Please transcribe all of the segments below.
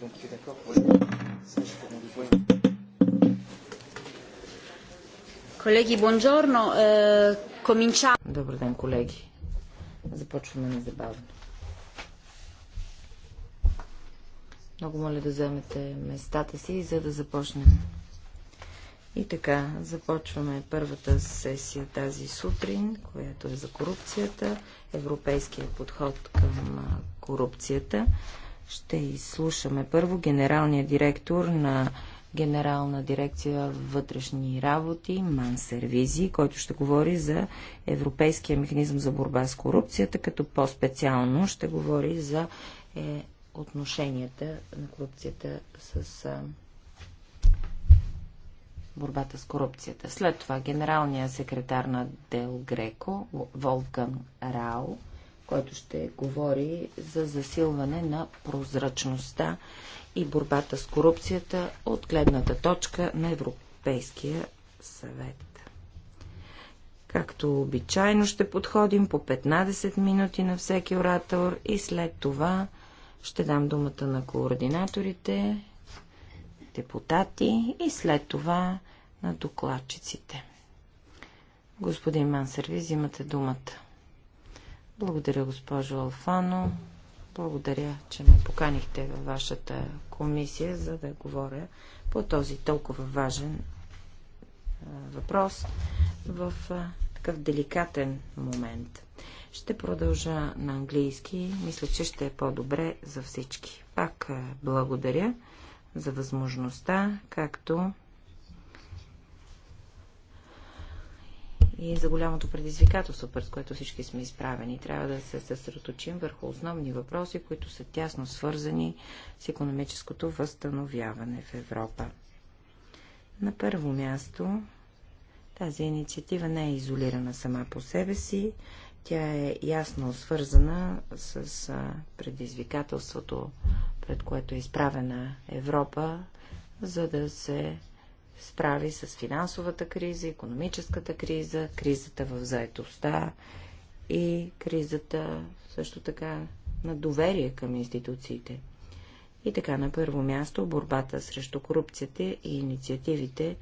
Donc tu es d'accord pour du point. Колеги, бонжорно. Е, коминча. Добър ден, колеги. Започваме незабавно. Много моля да вземете местата си, за да започнем. И така, започваме първата сесия тази сутрин, която е за корупцията, европейския подход към корупцията. Ще изслушаме първо генералния директор на Генерална дирекция вътрешни работи, Ман Сервизи, който ще говори за Европейския механизъм за борба с корупцията, като по-специално ще говори за е, отношенията на корупцията с а, борбата с корупцията. След това генералният секретар на Дел Греко, Волкан Рао, който ще говори за засилване на прозрачността и борбата с корупцията от гледната точка на Европейския съвет. Както обичайно ще подходим по 15 минути на всеки оратор и след това ще дам думата на координаторите, депутати и след това на докладчиците. Господин Мансервиз, имате думата. Благодаря, госпожо Алфано. Благодаря, че ме поканихте във вашата комисия, за да говоря по този толкова важен въпрос в такъв деликатен момент. Ще продължа на английски. Мисля, че ще е по-добре за всички. Пак благодаря за възможността, както и за голямото предизвикателство, пред което всички сме изправени. Трябва да се съсредоточим върху основни въпроси, които са тясно свързани с економическото възстановяване в Европа. На първо място, тази инициатива не е изолирана сама по себе си. Тя е ясно свързана с предизвикателството, пред което е изправена Европа, за да се справи с финансовата криза, економическата криза, кризата в заетостта и кризата също така на доверие към институциите. И така на първо място борбата срещу корупцията и инициативите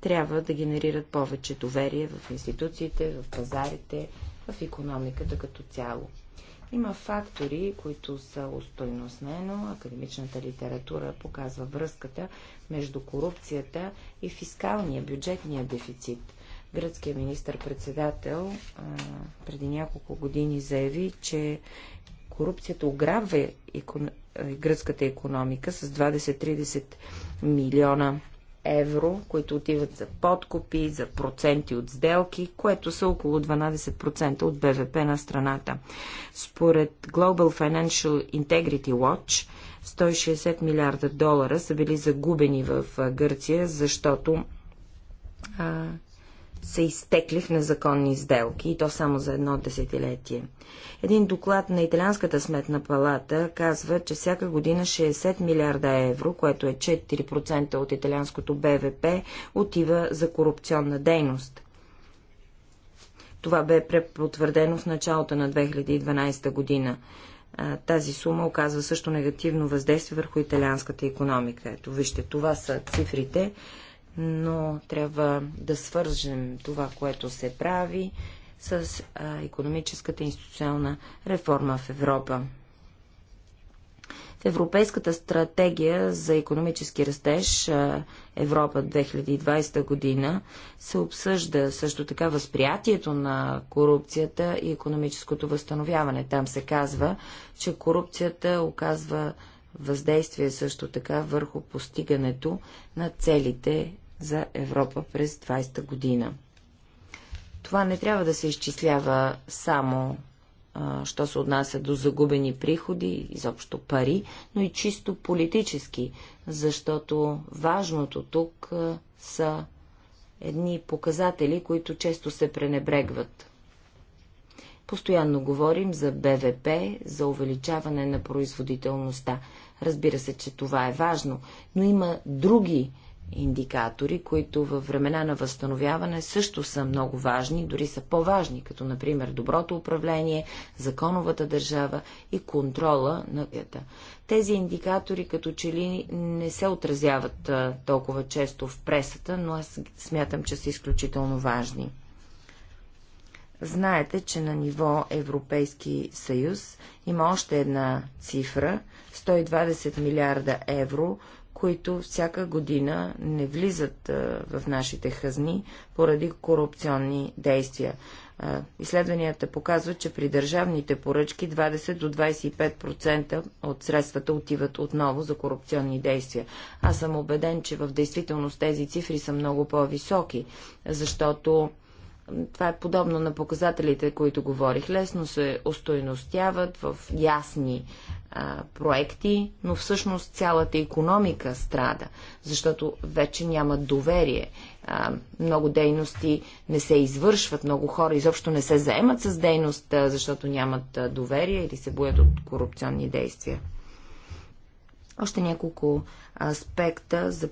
трябва да генерират повече доверие в институциите, в пазарите, в економиката като цяло. Има фактори, които са устойностнено. Академичната литература показва връзката между корупцията и фискалния бюджетния дефицит. Гръцкият министр-председател преди няколко години заяви, че корупцията ограбва е, гръцката економика с 20-30 милиона евро, които отиват за подкупи, за проценти от сделки, което са около 12% от БВП на страната. Според Global Financial Integrity Watch, 160 милиарда долара са били загубени в Гърция, защото а, са изтекли в незаконни сделки, и то само за едно десетилетие. Един доклад на Италианската сметна палата казва, че всяка година 60 милиарда евро, което е 4% от италианското БВП, отива за корупционна дейност. Това бе препотвърдено в началото на 2012 година. Тази сума оказва също негативно въздействие върху италианската економика. Ето, вижте, това са цифрите но трябва да свържем това, което се прави с економическата институционална реформа в Европа. В Европейската стратегия за економически растеж Европа 2020 година се обсъжда също така възприятието на корупцията и економическото възстановяване. Там се казва, че корупцията оказва въздействие също така върху постигането на целите за Европа през 20-та година. Това не трябва да се изчислява само а, що се отнася до загубени приходи, изобщо пари, но и чисто политически, защото важното тук а, са едни показатели, които често се пренебрегват. Постоянно говорим за БВП, за увеличаване на производителността. Разбира се, че това е важно, но има други индикатори, които във времена на възстановяване също са много важни, дори са по-важни, като например доброто управление, законовата държава и контрола на бюджета. Тези индикатори като че ли не се отразяват а, толкова често в пресата, но аз смятам, че са изключително важни. Знаете, че на ниво Европейски съюз има още една цифра 120 милиарда евро, които всяка година не влизат в нашите хазни поради корупционни действия. изследванията показват, че при държавните поръчки 20 до 25% от средствата отиват отново за корупционни действия. Аз съм убеден, че в действителност тези цифри са много по-високи, защото това е подобно на показателите, които говорих. Лесно се устойностяват в ясни а, проекти, но всъщност цялата економика страда, защото вече няма доверие. А, много дейности не се извършват, много хора изобщо не се заемат с дейност, а, защото нямат а, доверие или се боят от корупционни действия. Още няколко аспекта за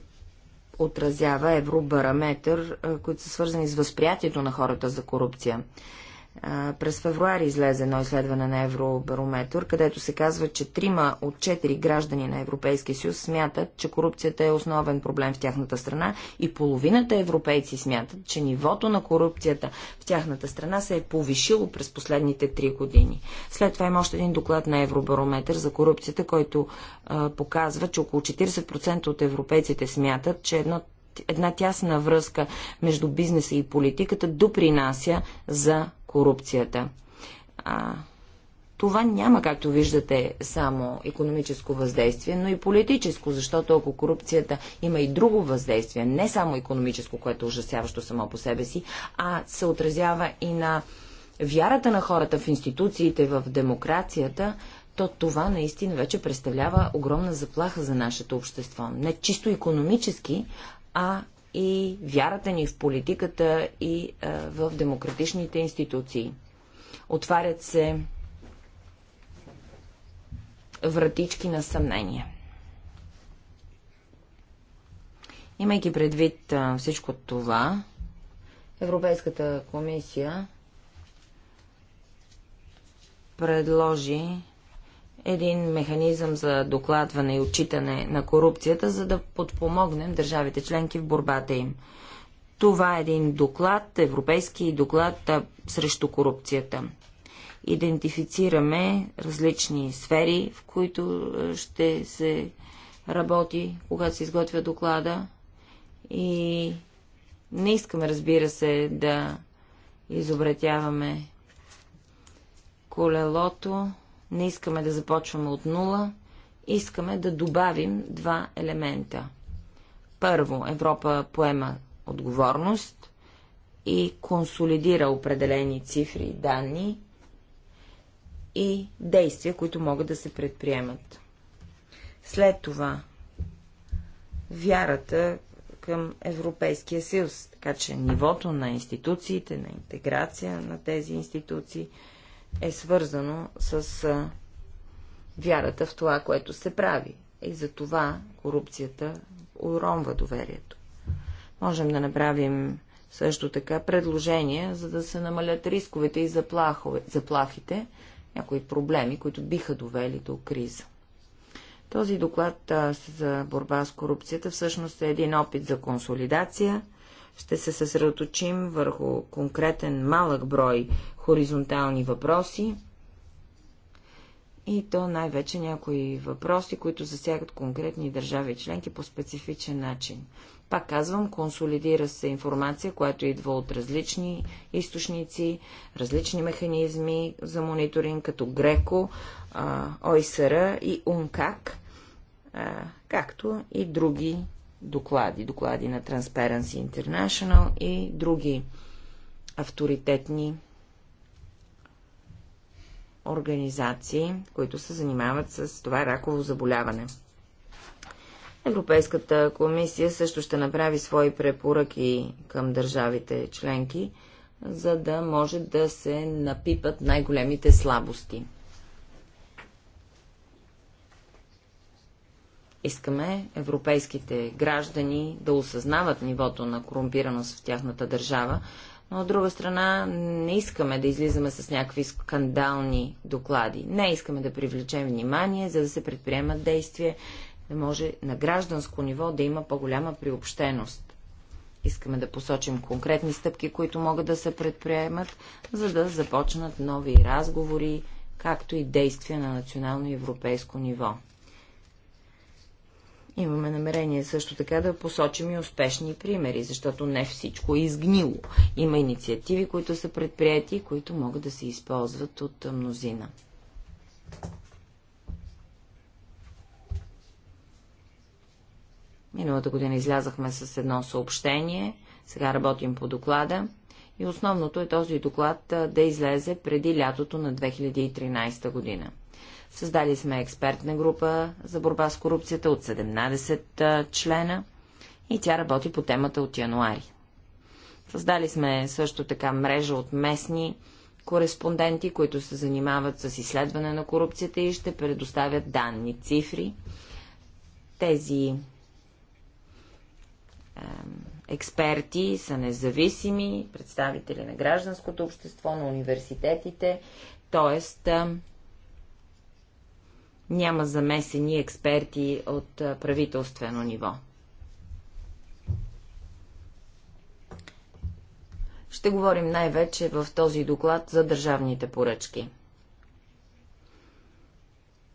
отразява евробараметър, които са свързани с възприятието на хората за корупция. През февруари излезе едно изследване на Евробарометр, където се казва, че трима от четири граждани на Европейския съюз смятат, че корупцията е основен проблем в тяхната страна и половината европейци смятат, че нивото на корупцията в тяхната страна се е повишило през последните три години. След това има още един доклад на Евробарометр за корупцията, който а, показва, че около 40% от европейците смятат, че едно една тясна връзка между бизнеса и политиката допринася за корупцията. А, това няма, както виждате, само економическо въздействие, но и политическо, защото ако корупцията има и друго въздействие, не само економическо, което е ужасяващо само по себе си, а се отразява и на вярата на хората в институциите, в демокрацията, то това наистина вече представлява огромна заплаха за нашето общество. Не чисто економически, а и вярата ни в политиката и в демократичните институции. Отварят се вратички на съмнение. Имайки предвид всичко това, Европейската комисия предложи един механизъм за докладване и отчитане на корупцията, за да подпомогнем държавите членки в борбата им. Това е един доклад, европейски доклад срещу корупцията. Идентифицираме различни сфери, в които ще се работи, когато се изготвя доклада. И не искаме, разбира се, да изобретяваме колелото, не искаме да започваме от нула, искаме да добавим два елемента. Първо, Европа поема отговорност и консолидира определени цифри, данни и действия, които могат да се предприемат. След това, вярата към Европейския съюз, така че нивото на институциите, на интеграция на тези институции – е свързано с вярата в това, което се прави. И за това корупцията уронва доверието. Можем да направим също така предложения, за да се намалят рисковете и заплахове, заплахите, някои проблеми, които биха довели до криза. Този доклад за борба с корупцията всъщност е един опит за консолидация. Ще се съсредоточим върху конкретен малък брой хоризонтални въпроси и то най-вече някои въпроси, които засягат конкретни държави и членки по специфичен начин. Пак казвам, консолидира се информация, която идва от различни източници, различни механизми за мониторинг, като ГРЕКО, ОИСР и УНКАК, както и други доклади, доклади на Transparency International и други авторитетни организации, които се занимават с това раково заболяване. Европейската комисия също ще направи свои препоръки към държавите членки, за да може да се напипат най-големите слабости. Искаме европейските граждани да осъзнават нивото на корумпираност в тяхната държава, но от друга страна не искаме да излизаме с някакви скандални доклади. Не искаме да привлечем внимание, за да се предприемат действия, да може на гражданско ниво да има по-голяма приобщеност. Искаме да посочим конкретни стъпки, които могат да се предприемат, за да започнат нови разговори, както и действия на национално и европейско ниво. Имаме намерение също така да посочим и успешни примери, защото не всичко е изгнило. Има инициативи, които са предприяти, които могат да се използват от мнозина. Миналата година излязахме с едно съобщение, сега работим по доклада и основното е този доклад да излезе преди лятото на 2013 година. Създали сме експертна група за борба с корупцията от 17 члена и тя работи по темата от януари. Създали сме също така мрежа от местни кореспонденти, които се занимават с изследване на корупцията и ще предоставят данни, цифри. Тези експерти са независими, представители на гражданското общество, на университетите, т.е няма замесени експерти от правителствено ниво. Ще говорим най-вече в този доклад за държавните поръчки.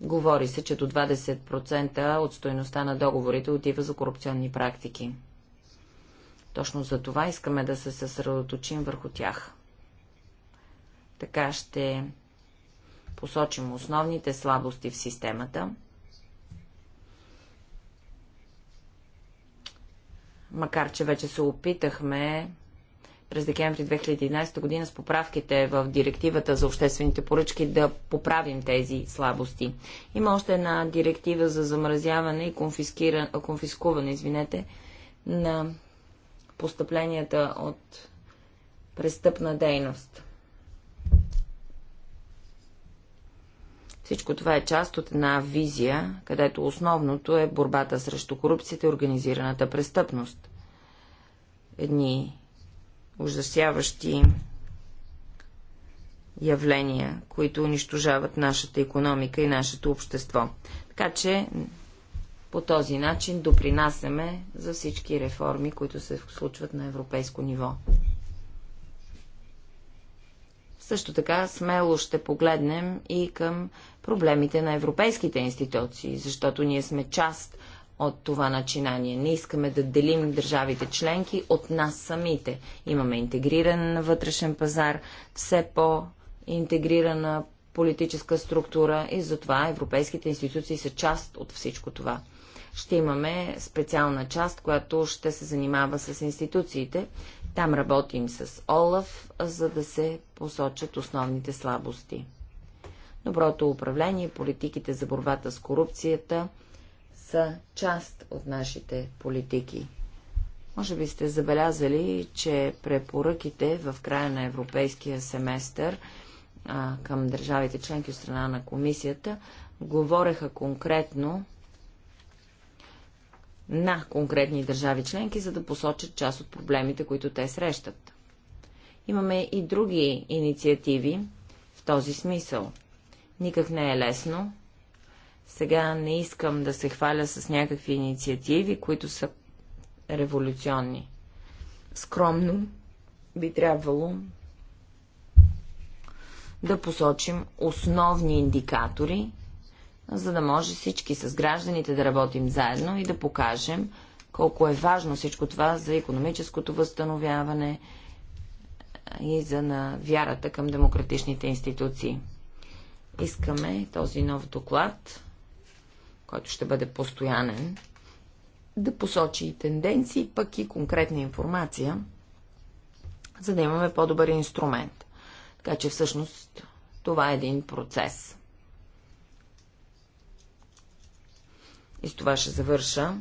Говори се, че до 20% от стоеността на договорите отива за корупционни практики. Точно за това искаме да се съсредоточим върху тях. Така ще посочим основните слабости в системата, макар че вече се опитахме през декември 2011 година с поправките в директивата за обществените поръчки да поправим тези слабости. Има още една директива за замразяване и конфискуване извинете, на постъпленията от престъпна дейност. Всичко това е част от една визия, където основното е борбата срещу корупцията и организираната престъпност. Едни ужасяващи явления, които унищожават нашата економика и нашето общество. Така че по този начин допринасяме за всички реформи, които се случват на европейско ниво. Също така смело ще погледнем и към проблемите на европейските институции, защото ние сме част от това начинание. Не искаме да делим държавите членки от нас самите. Имаме интегриран вътрешен пазар, все по-интегрирана политическа структура и затова европейските институции са част от всичко това. Ще имаме специална част, която ще се занимава с институциите, там работим с Олаф, за да се посочат основните слабости. Доброто управление и политиките за борбата с корупцията са част от нашите политики. Може би сте забелязали, че препоръките в края на европейския семестър а, към държавите членки от страна на комисията говореха конкретно на конкретни държави членки, за да посочат част от проблемите, които те срещат. Имаме и други инициативи в този смисъл. Никак не е лесно. Сега не искам да се хваля с някакви инициативи, които са революционни. Скромно би трябвало да посочим основни индикатори, за да може всички с гражданите да работим заедно и да покажем колко е важно всичко това за економическото възстановяване и за на вярата към демократичните институции. Искаме този нов доклад, който ще бъде постоянен, да посочи и тенденции, пък и конкретна информация, за да имаме по-добър инструмент. Така че всъщност това е един процес. и с това ще завърша,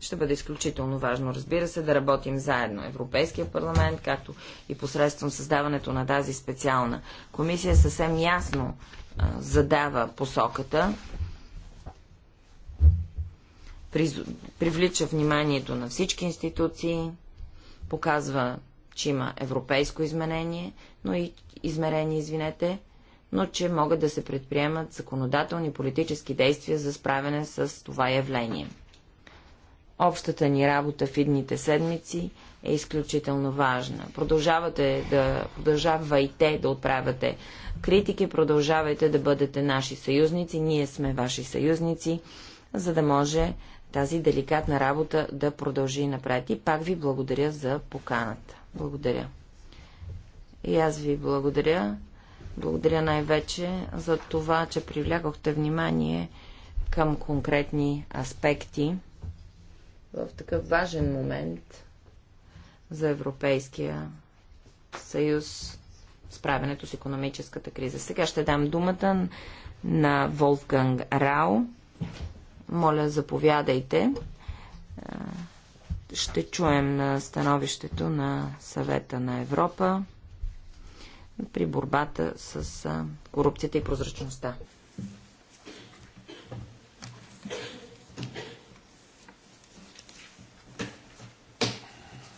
ще бъде изключително важно, разбира се, да работим заедно. Европейския парламент, както и посредством създаването на тази специална комисия, съвсем ясно а, задава посоката, приз... привлича вниманието на всички институции, показва, че има европейско изменение, но и измерение, извинете, но че могат да се предприемат законодателни политически действия за справяне с това явление. Общата ни работа в идните седмици е изключително важна. Продължавате да, продължавайте да отправяте критики, продължавайте да бъдете наши съюзници, ние сме ваши съюзници, за да може тази деликатна работа да продължи напред. И пак ви благодаря за поканата. Благодаря. И аз ви благодаря. Благодаря най-вече за това, че привлякохте внимание към конкретни аспекти в такъв важен момент за Европейския съюз справянето с економическата криза. Сега ще дам думата на Волфганг Рао. Моля, заповядайте. Ще чуем на становището на съвета на Европа при борбата с корупцията и прозрачността.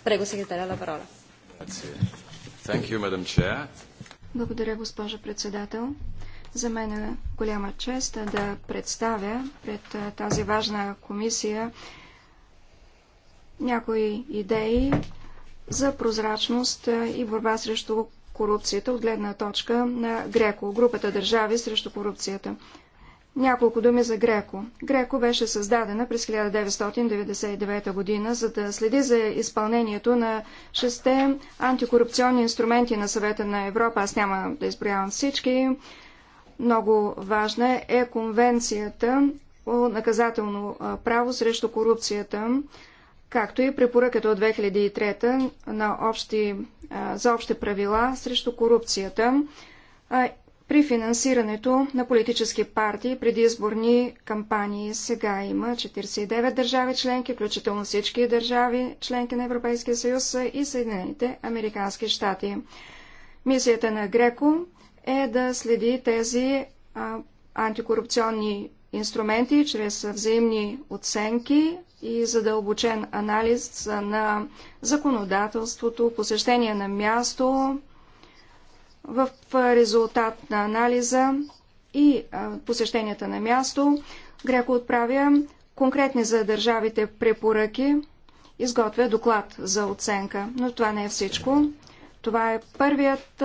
Прего секретаря на парола. Благодаря, госпожа председател. За мен е голяма чест да представя пред тази важна комисия някои идеи за прозрачност и борба срещу корупцията от гледна точка на Греко, групата държави срещу корупцията. Няколко думи за Греко. Греко беше създадена през 1999 година, за да следи за изпълнението на шесте антикорупционни инструменти на съвета на Европа. Аз няма да изброявам всички. Много важна е конвенцията по наказателно право срещу корупцията, както и препоръката от 2003 на общи, за общи правила срещу корупцията при финансирането на политически партии преди изборни кампании. Сега има 49 държави членки, включително всички държави членки на Европейския съюз и Съединените Американски щати. Мисията на Греко е да следи тези а, антикорупционни инструменти, чрез взаимни оценки и задълбочен анализ на законодателството, посещение на място, в резултат на анализа и посещенията на място, Греко отправя конкретни за държавите препоръки, изготвя доклад за оценка. Но това не е всичко. Това е първият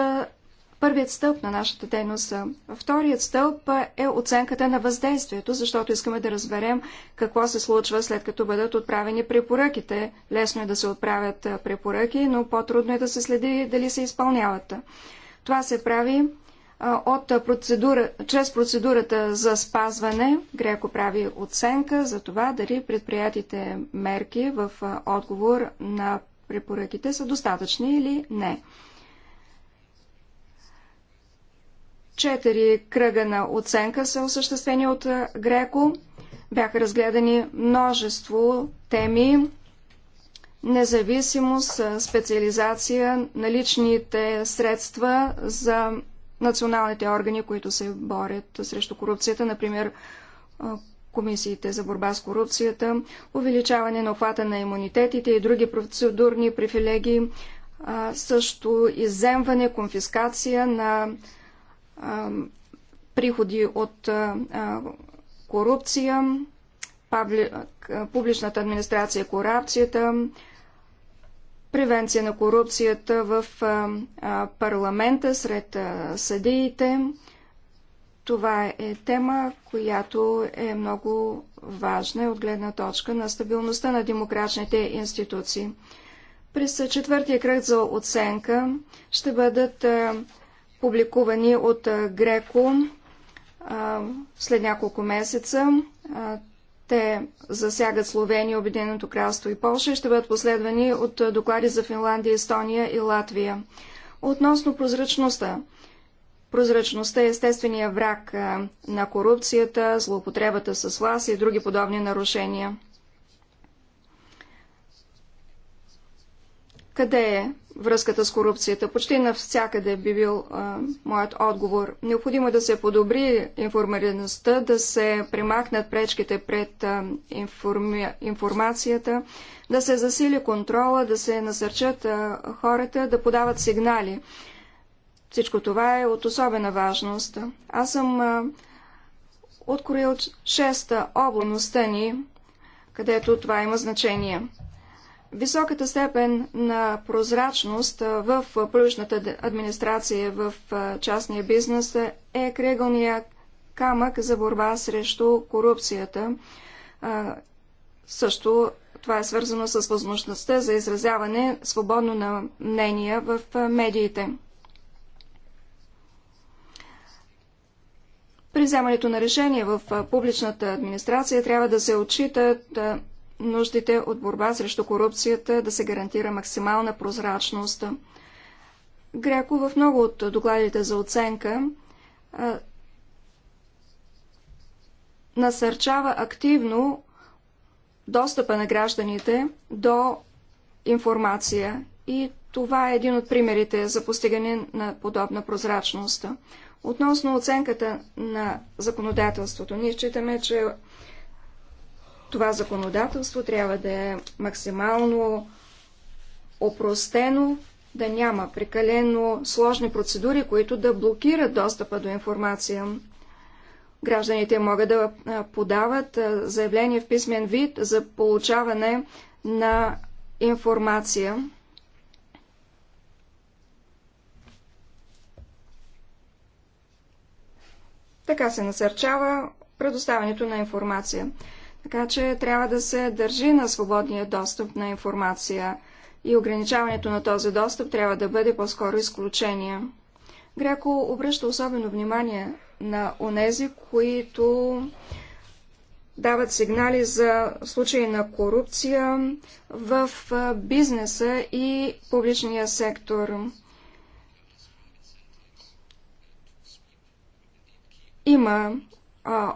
първият стълб на нашата дейност. Вторият стълб е оценката на въздействието, защото искаме да разберем какво се случва след като бъдат отправени препоръките. Лесно е да се отправят препоръки, но по-трудно е да се следи дали се изпълняват. Това се прави от процедура, чрез процедурата за спазване Греко прави оценка за това дали предприятите мерки в отговор на препоръките са достатъчни или не. Четири кръга на оценка са осъществени от Греко. Бяха разгледани множество теми независимост, специализация, наличните средства за националните органи, които се борят срещу корупцията, например комисиите за борба с корупцията, увеличаване на охвата на имунитетите и други процедурни привилегии, също иземване, конфискация на приходи от корупция, публичната администрация и е корупцията, превенция на корупцията в парламента сред съдиите. Това е тема, която е много важна от гледна точка на стабилността на демократичните институции. През четвъртия кръг за оценка ще бъдат публикувани от Греко след няколко месеца. Те засягат Словения, Обединеното кралство и Польша ще бъдат последвани от доклади за Финландия, Естония и Латвия. Относно прозрачността. Прозрачността е естествения враг на корупцията, злоупотребата с власт и други подобни нарушения. Къде е връзката с корупцията? Почти навсякъде би бил а, моят отговор. Необходимо е да се подобри информираността, да се примахнат пречките пред а, информи... информацията, да се засили контрола, да се насърчат а, хората да подават сигнали. Всичко това е от особена важност. Аз съм а, откроил шеста областта ни, където това има значение. Високата степен на прозрачност в публичната администрация в частния бизнес е кръгълния камък за борба срещу корупцията. Също това е свързано с възможността за изразяване свободно на мнения в медиите. При вземането на решение в публичната администрация трябва да се отчитат нуждите от борба срещу корупцията, да се гарантира максимална прозрачност. Греко в много от докладите за оценка а, насърчава активно достъпа на гражданите до информация и това е един от примерите за постигане на подобна прозрачност. Относно оценката на законодателството, ние считаме, че това законодателство трябва да е максимално опростено, да няма прекалено сложни процедури, които да блокират достъпа до информация. Гражданите могат да подават заявление в писмен вид за получаване на информация. Така се насърчава предоставянето на информация. Така че трябва да се държи на свободния достъп на информация и ограничаването на този достъп трябва да бъде по-скоро изключение. Греко обръща особено внимание на онези, които дават сигнали за случаи на корупция в бизнеса и публичния сектор. Има а,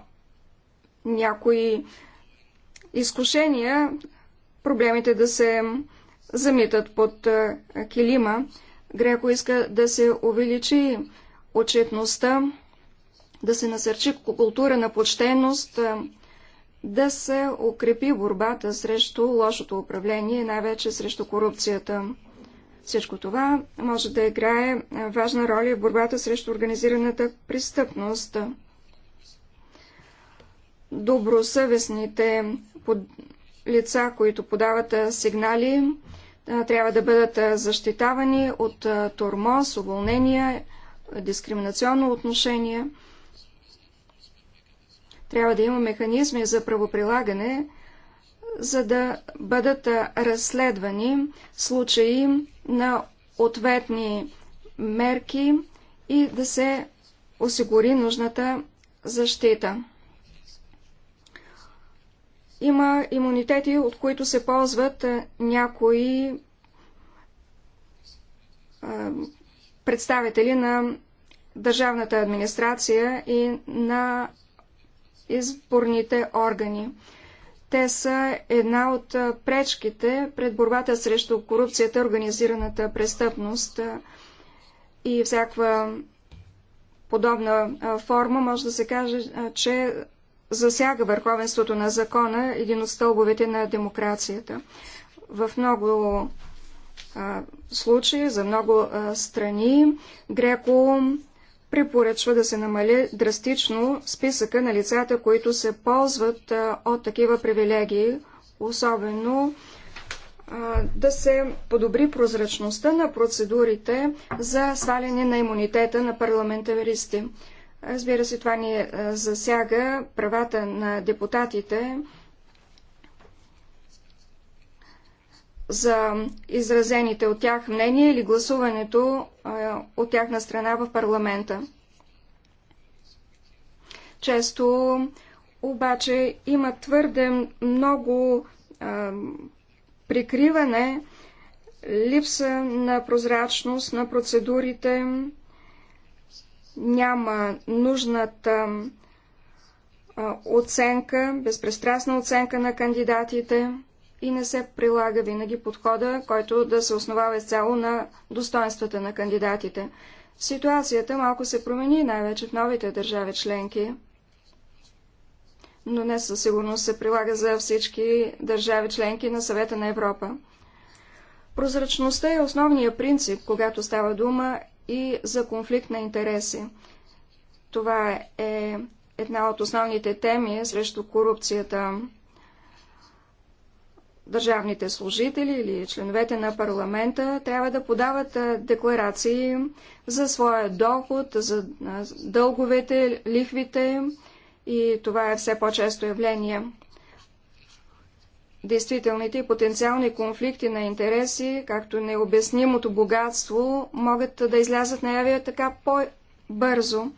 някои изкушения проблемите да се замитат под килима. Греко иска да се увеличи отчетността, да се насърчи култура на почтеност, да се укрепи борбата срещу лошото управление, най-вече срещу корупцията. Всичко това може да играе важна роля в борбата срещу организираната престъпност. Добросъвестните лица, които подават сигнали, трябва да бъдат защитавани от тормоз, уволнения, дискриминационно отношение. Трябва да има механизми за правоприлагане, за да бъдат разследвани случаи на ответни мерки и да се осигури нужната защита. Има имунитети, от които се ползват някои представители на държавната администрация и на изборните органи. Те са една от пречките пред борбата срещу корупцията, организираната престъпност и всяква подобна форма може да се каже, че засяга върховенството на закона, един от стълбовете на демокрацията. В много а, случаи, за много а, страни, Греко препоръчва да се намали драстично списъка на лицата, които се ползват а, от такива привилегии, особено а, да се подобри прозрачността на процедурите за сваляне на имунитета на парламентаристи. Разбира се, това ни е, засяга правата на депутатите за изразените от тях мнения или гласуването е, от тяхна страна в парламента. Често обаче има твърде много е, прикриване, липса на прозрачност на процедурите, няма нужната оценка, безпристрастна оценка на кандидатите и не се прилага винаги подхода, който да се основава изцяло на достоинствата на кандидатите. Ситуацията малко се промени, най-вече в новите държави членки, но не със сигурност се прилага за всички държави членки на съвета на Европа. Прозрачността е основният принцип, когато става дума и за конфликт на интереси. Това е една от основните теми срещу корупцията. Държавните служители или членовете на парламента трябва да подават декларации за своя доход, за дълговете, лихвите и това е все по-често явление действителните и потенциални конфликти на интереси, както необяснимото богатство, могат да излязат наяве така по-бързо,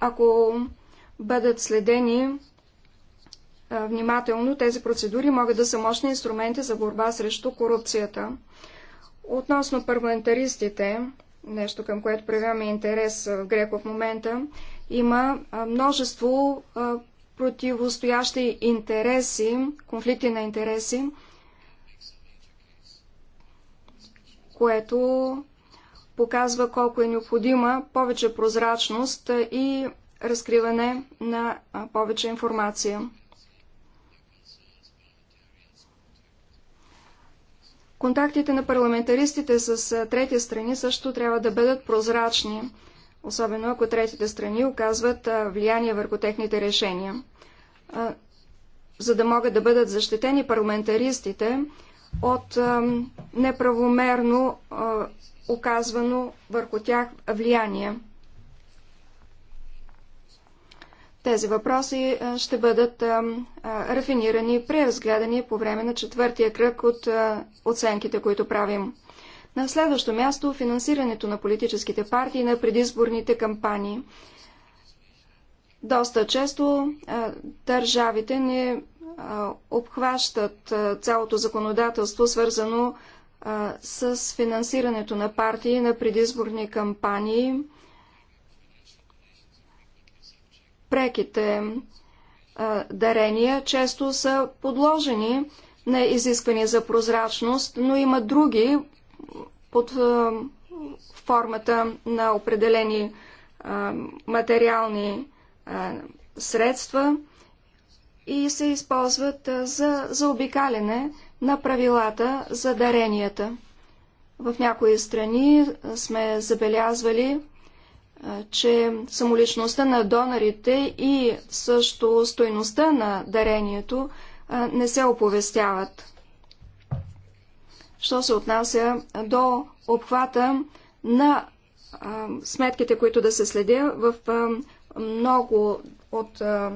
ако бъдат следени внимателно. Тези процедури могат да са мощни инструменти за борба срещу корупцията. Относно парламентаристите, нещо към което проявяваме интерес в Греко в момента, има множество противостоящи интереси, конфликти на интереси, което показва колко е необходима повече прозрачност и разкриване на повече информация. Контактите на парламентаристите с трети страни също трябва да бъдат прозрачни особено ако третите страни оказват влияние върху техните решения. За да могат да бъдат защитени парламентаристите от неправомерно оказвано върху тях влияние. Тези въпроси ще бъдат рафинирани, преразгледани по време на четвъртия кръг от оценките, които правим. На следващо място финансирането на политическите партии на предизборните кампании. Доста често държавите не обхващат цялото законодателство, свързано с финансирането на партии на предизборни кампании. Преките дарения често са подложени на изисквания за прозрачност, но има други, под формата на определени материални средства и се използват за заобикаляне на правилата за даренията. В някои страни сме забелязвали, че самоличността на донорите и също стойността на дарението не се оповестяват що се отнася до обхвата на а, сметките, които да се следя в а, много от а,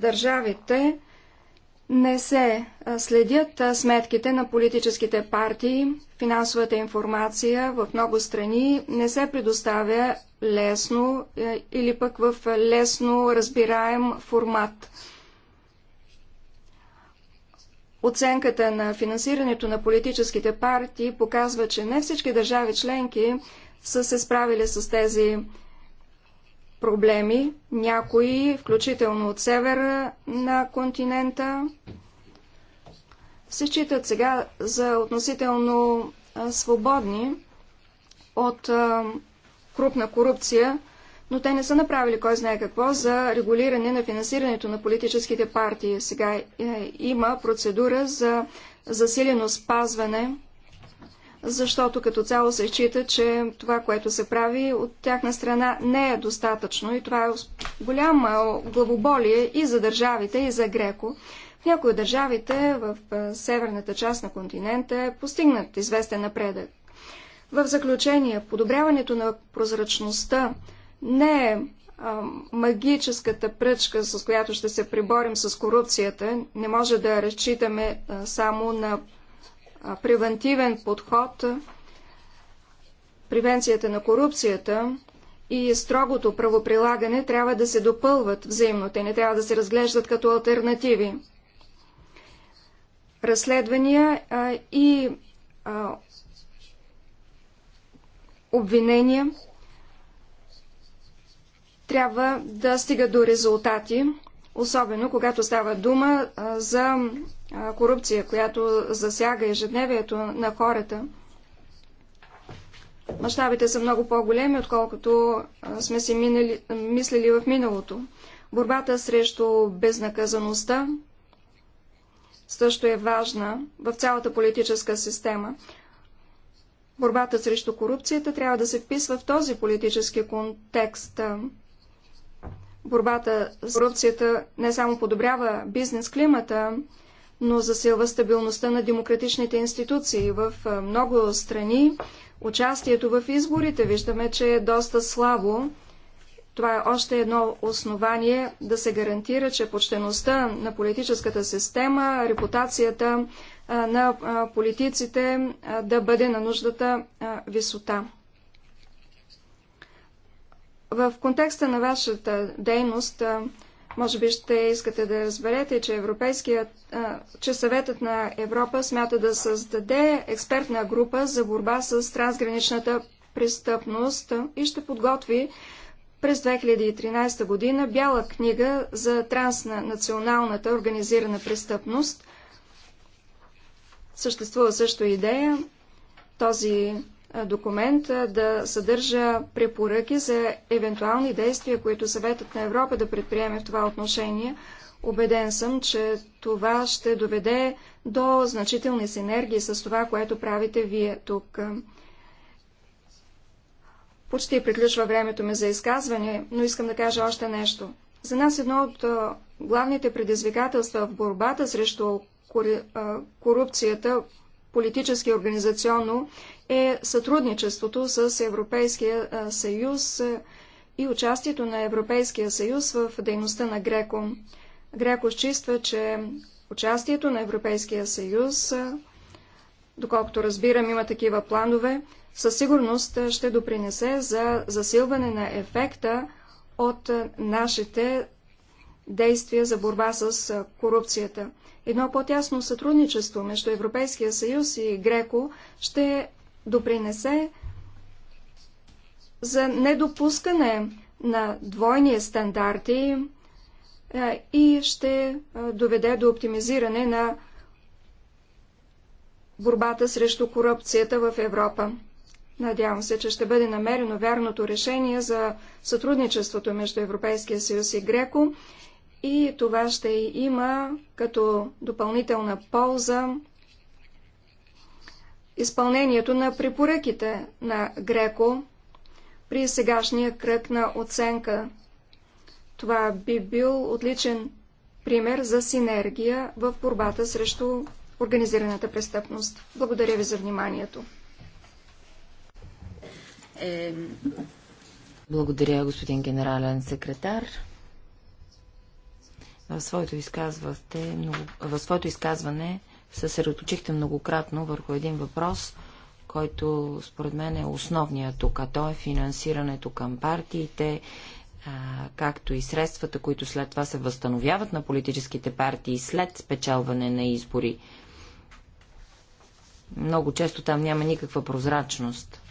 държавите не се следят сметките на политическите партии, финансовата информация в много страни не се предоставя лесно е, или пък в лесно разбираем формат. Оценката на финансирането на политическите партии показва, че не всички държави членки са се справили с тези проблеми. Някои, включително от севера на континента, се считат сега за относително свободни от крупна корупция, но те не са направили кой знае какво за регулиране на финансирането на политическите партии. Сега е, има процедура за засилено спазване, защото като цяло се счита, че това, което се прави от тяхна страна не е достатъчно и това е голямо главоболие и за държавите, и за Греко. В някои от държавите в е, северната част на континента е постигнат известен напредък. В заключение, подобряването на прозрачността, не е магическата пръчка, с която ще се приборим с корупцията. Не може да разчитаме само на превентивен подход. Превенцията на корупцията и строгото правоприлагане трябва да се допълват взаимно. Те не трябва да се разглеждат като альтернативи. Разследвания и обвинения трябва да стига до резултати, особено когато става дума за корупция, която засяга ежедневието на хората. Мащабите са много по-големи, отколкото сме си минали, мислили в миналото. Борбата срещу безнаказаността също е важна в цялата политическа система. Борбата срещу корупцията трябва да се вписва в този политически контекст. Борбата с корупцията не само подобрява бизнес климата, но засилва стабилността на демократичните институции. В много страни участието в изборите виждаме, че е доста слабо. Това е още едно основание да се гарантира, че почтеността на политическата система, репутацията на политиците да бъде на нуждата висота. В контекста на вашата дейност, може би ще искате да разберете, че, Европейският, че съветът на Европа смята да създаде експертна група за борба с трансграничната престъпност и ще подготви през 2013 година бяла книга за транснационалната организирана престъпност. Съществува също идея този документ да съдържа препоръки за евентуални действия, които съветът на Европа да предприеме в това отношение. Обеден съм, че това ще доведе до значителни синергии с това, което правите вие тук. Почти приключва времето ми за изказване, но искам да кажа още нещо. За нас едно от главните предизвикателства в борбата срещу корупцията политически и организационно е сътрудничеството с Европейския съюз и участието на Европейския съюз в дейността на Греко. Греко счиства, че участието на Европейския съюз, доколкото разбирам има такива планове, със сигурност ще допринесе за засилване на ефекта от нашите действия за борба с корупцията. Едно по-тясно сътрудничество между Европейския съюз и Греко ще допринесе за недопускане на двойни стандарти е, и ще е, доведе до оптимизиране на борбата срещу корупцията в Европа. Надявам се, че ще бъде намерено вярното решение за сътрудничеството между Европейския съюз и Греко и това ще има като допълнителна полза изпълнението на препоръките на Греко при сегашния кръг на оценка. Това би бил отличен пример за синергия в борбата срещу организираната престъпност. Благодаря ви за вниманието. Благодаря, господин генерален секретар. В своето, в своето изказване съсредоточихте многократно върху един въпрос, който според мен е основният тук, а то е финансирането към партиите, както и средствата, които след това се възстановяват на политическите партии след спечелване на избори. Много често там няма никаква прозрачност.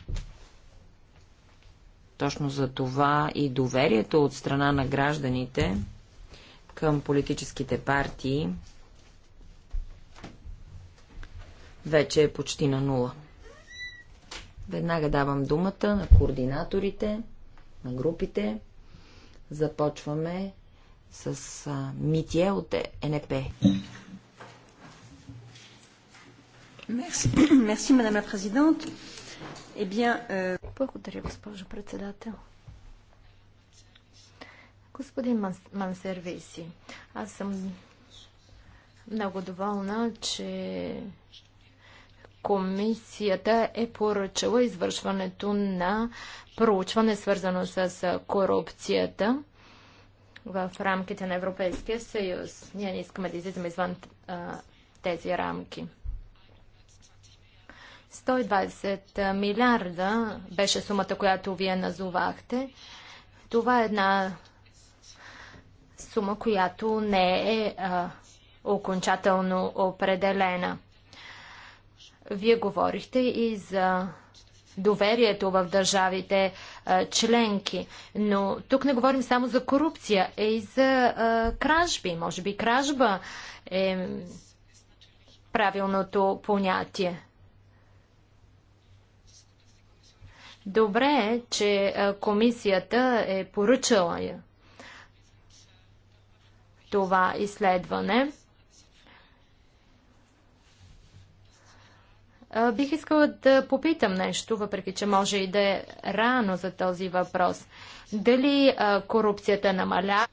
Точно за това и доверието от страна на гражданите към политическите партии вече е почти на нула. Веднага давам думата на координаторите, на групите. Започваме с а, Митие от е НП. Е е, Благодаря, госпожо председател. Господин Мансервиси, аз съм много доволна, че комисията е поръчала извършването на проучване, свързано с корупцията в рамките на Европейския съюз. Ние не искаме да излизаме извън тези рамки. 120 милиарда беше сумата, която вие назовахте. Това е една сума, която не е а, окончателно определена. Вие говорихте и за доверието в държавите а, членки. Но тук не говорим само за корупция, а и за а, кражби. Може би кражба е правилното понятие. Добре е, че комисията е поръчала това изследване. Бих искала да попитам нещо, въпреки че може и да е рано за този въпрос. Дали корупцията намалява?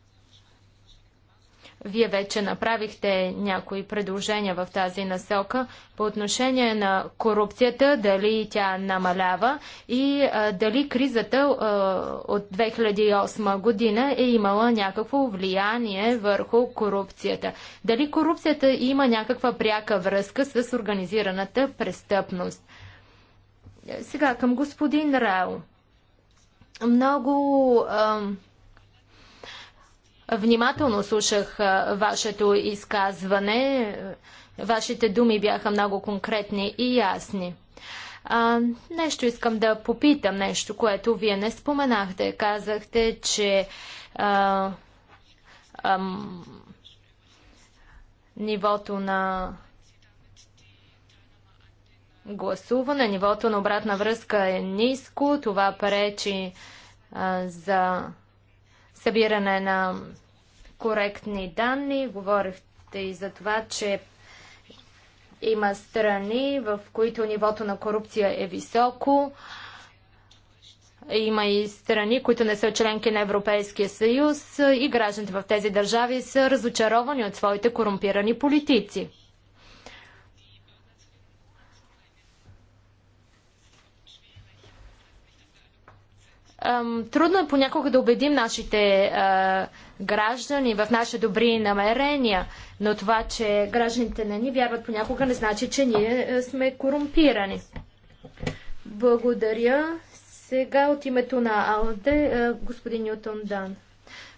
Вие вече направихте някои предложения в тази насока по отношение на корупцията, дали тя намалява и а, дали кризата а, от 2008 година е имала някакво влияние върху корупцията. Дали корупцията има някаква пряка връзка с организираната престъпност. Сега към господин Рао. Много. А, Внимателно слушах вашето изказване. Вашите думи бяха много конкретни и ясни. А, нещо искам да попитам, нещо, което вие не споменахте. Казахте, че а, ам, нивото на гласуване, нивото на обратна връзка е ниско. Това пречи а, за събиране на коректни данни. Говорихте и за това, че има страни, в които нивото на корупция е високо. Има и страни, които не са членки на Европейския съюз и гражданите в тези държави са разочаровани от своите корумпирани политици. трудно е понякога да убедим нашите а, граждани в наши добри намерения, но това, че гражданите не ни вярват понякога, не значи, че ние сме корумпирани. Благодаря. Сега от името на АЛДЕ господин Ньютон Дан.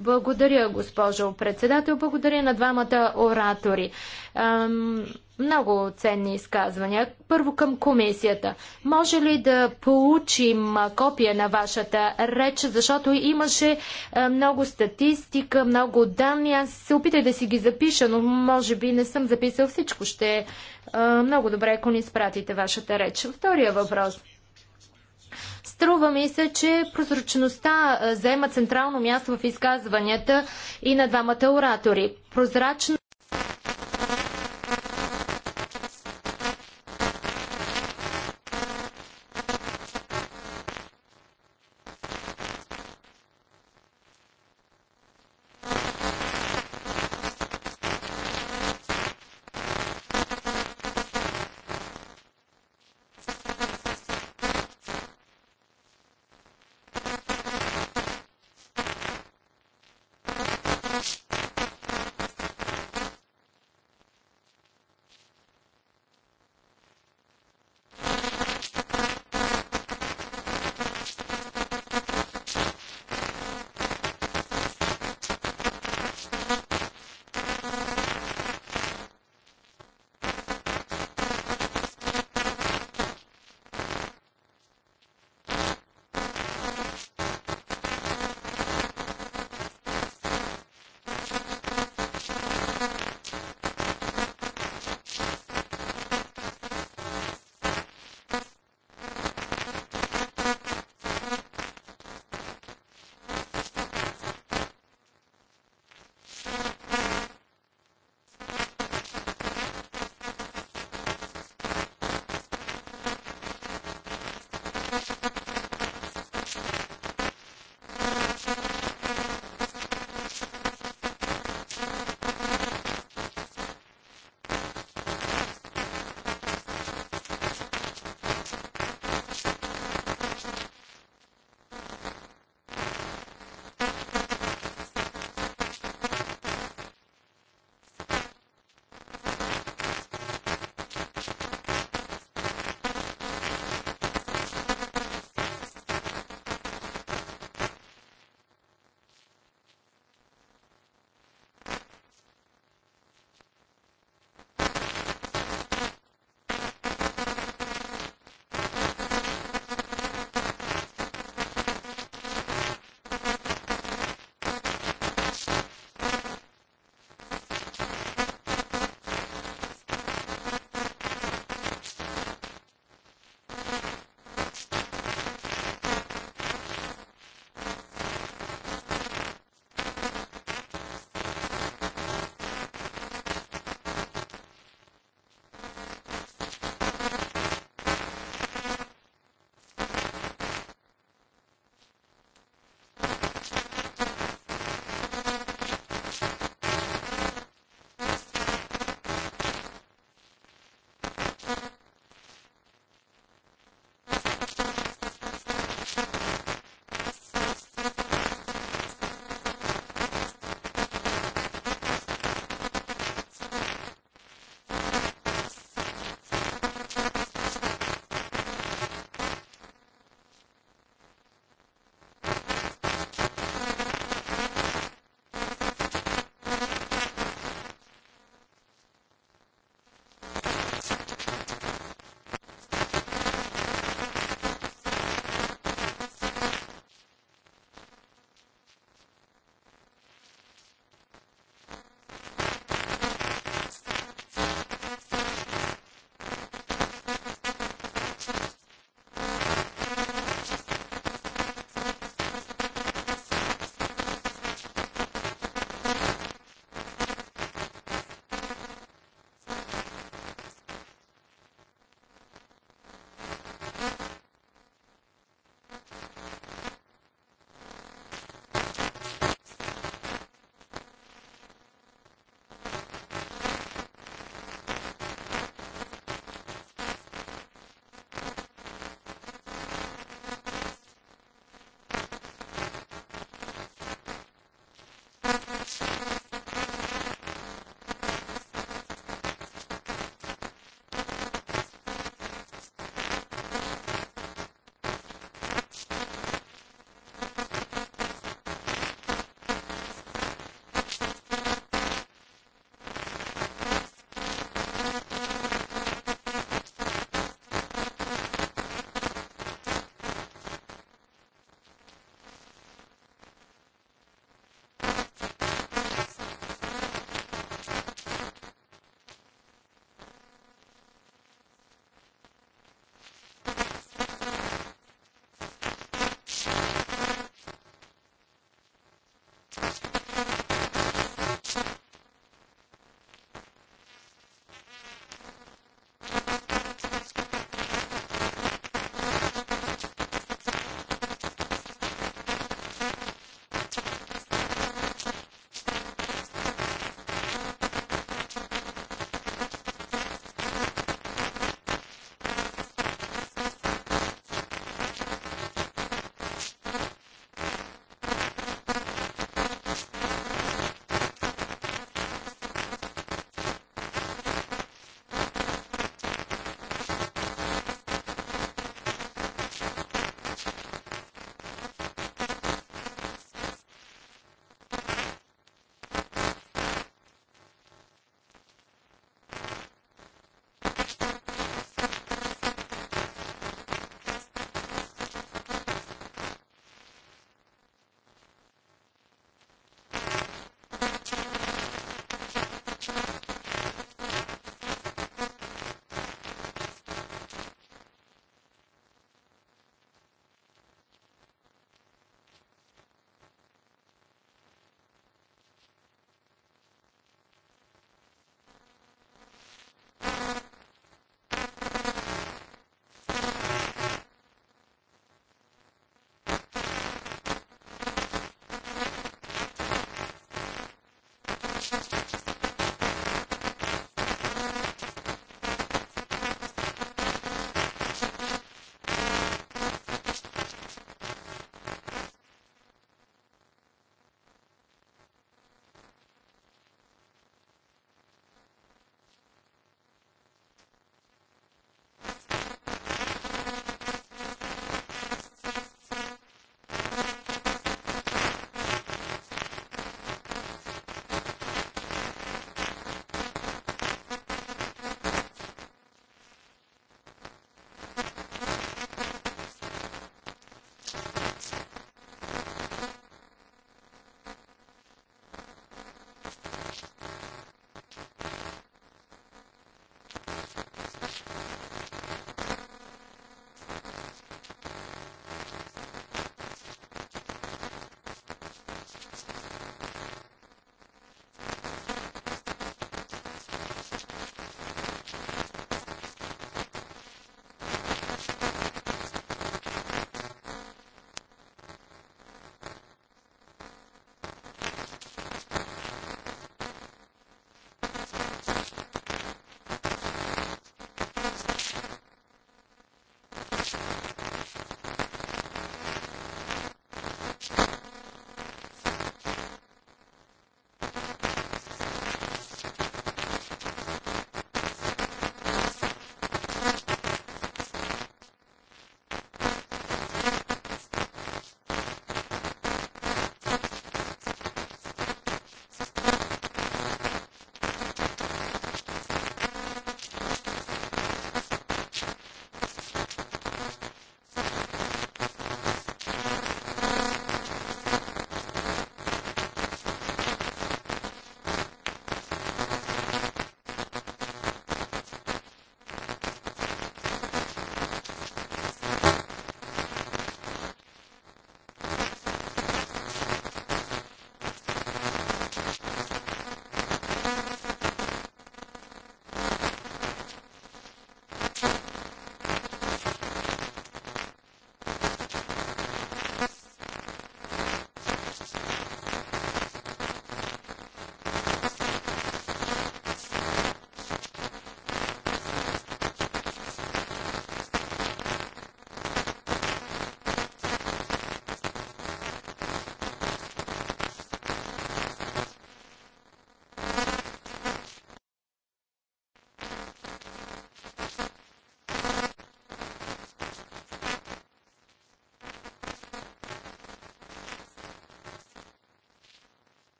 Благодаря, госпожо председател. Благодаря на двамата оратори. много ценни изказвания. Първо към комисията. Може ли да получим копия на вашата реч, защото имаше много статистика, много данни. Аз се опитах да си ги запиша, но може би не съм записал всичко. Ще е, много добре, ако ни спратите вашата реч. Втория въпрос – Струва ми се, че прозрачността заема централно място в изказванията и на двамата оратори. Прозрачно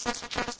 с участието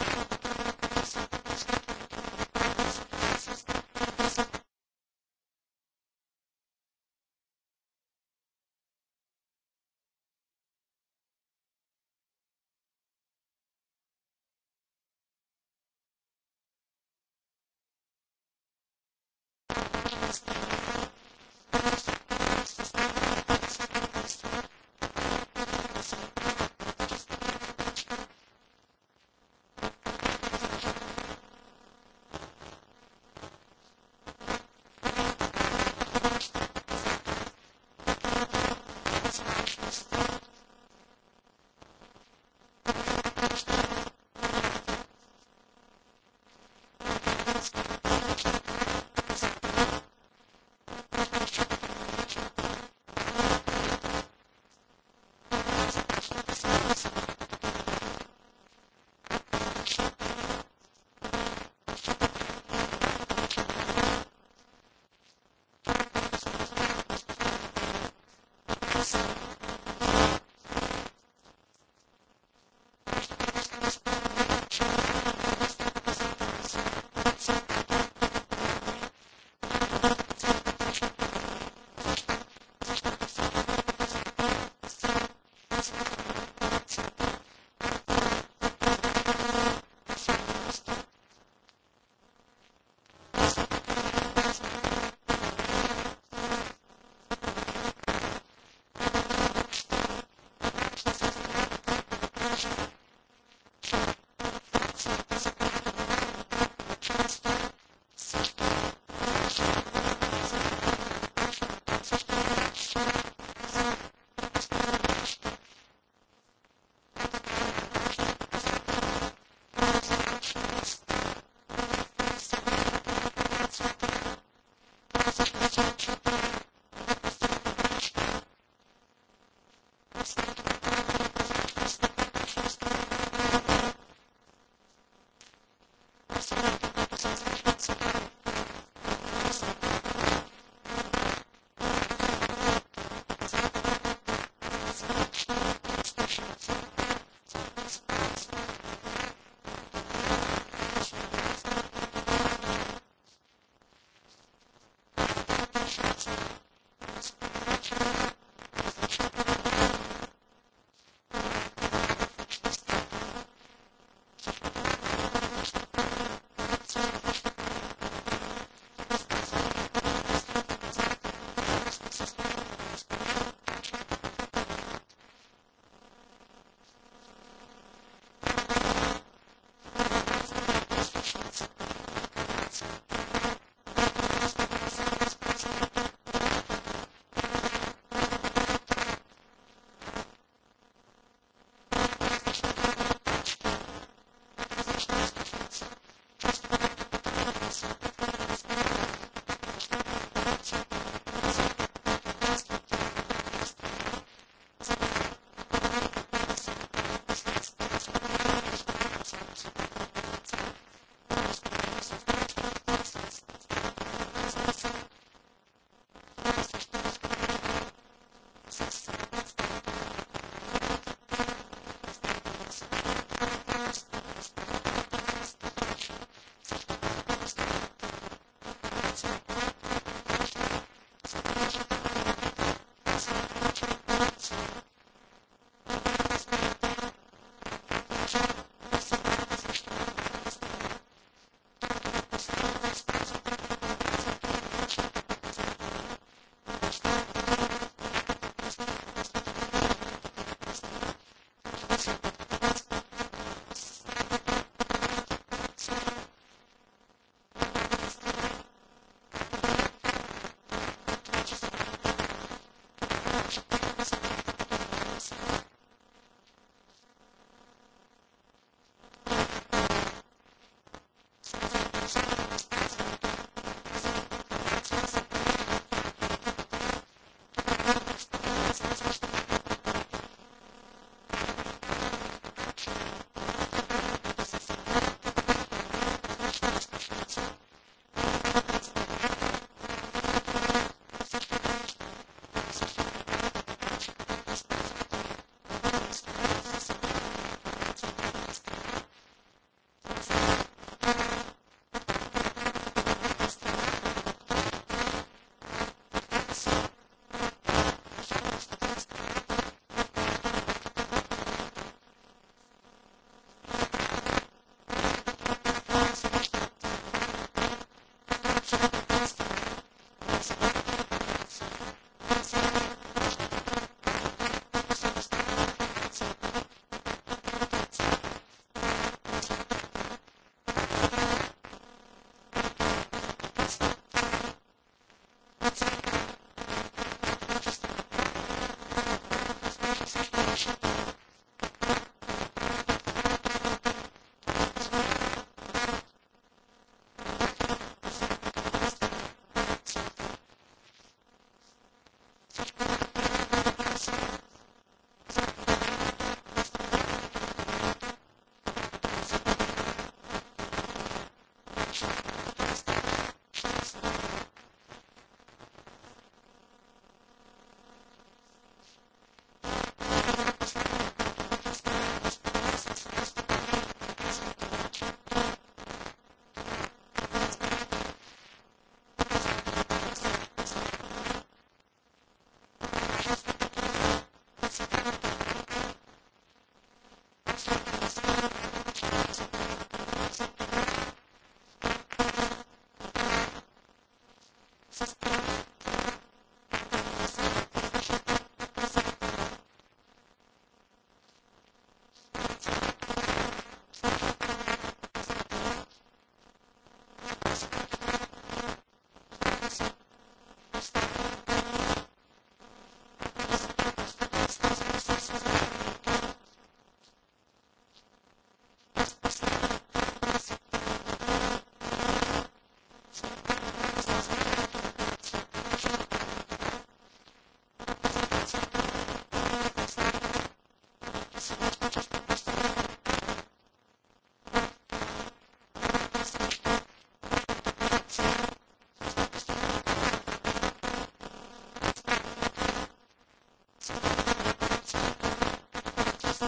посочи,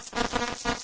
са свързани с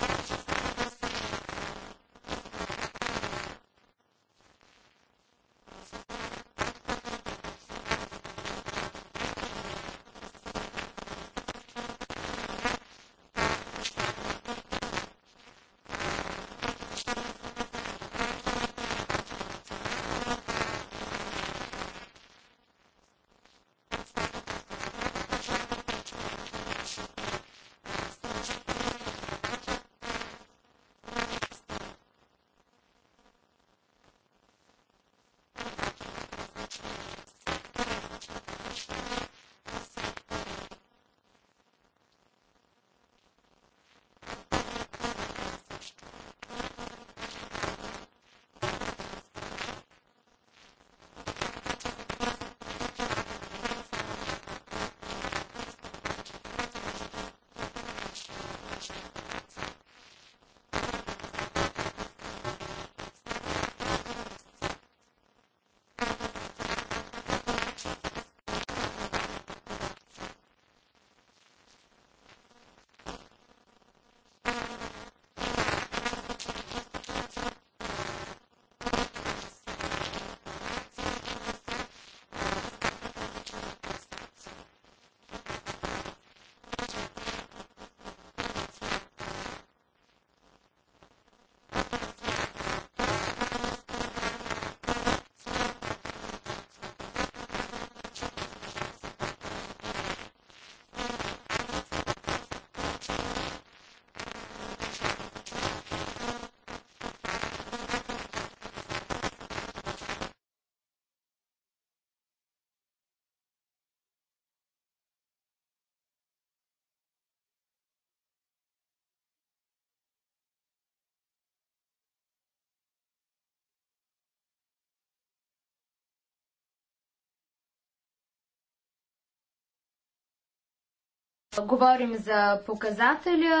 Говорим за показателя,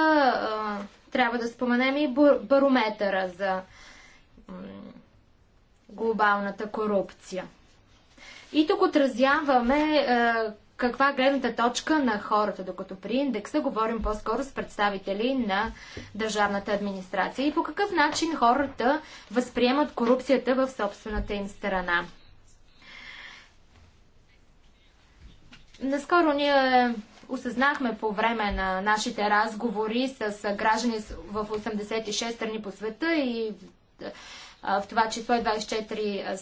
трябва да споменем и барометъра за глобалната корупция. И тук отразяваме каква гледната точка на хората, докато при индекса говорим по-скоро с представители на държавната администрация и по какъв начин хората възприемат корупцията в собствената им страна. Наскоро ние Осъзнахме по време на нашите разговори с граждани в 86 страни по света и в това число 24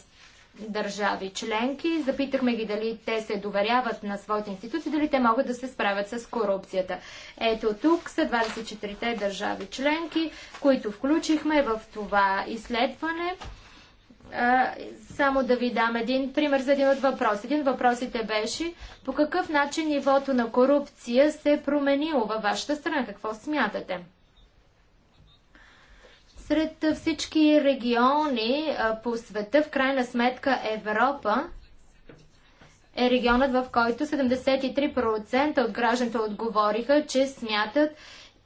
държави членки. Запитахме ги дали те се доверяват на своите институции, дали те могат да се справят с корупцията. Ето тук са 24-те държави членки, които включихме в това изследване. А, само да ви дам един пример за един от въпрос. Един от въпросите беше по какъв начин нивото на корупция се е променило във вашата страна. Какво смятате? Сред всички региони по света, в крайна сметка Европа е регионът, в който 73% от гражданите отговориха, че смятат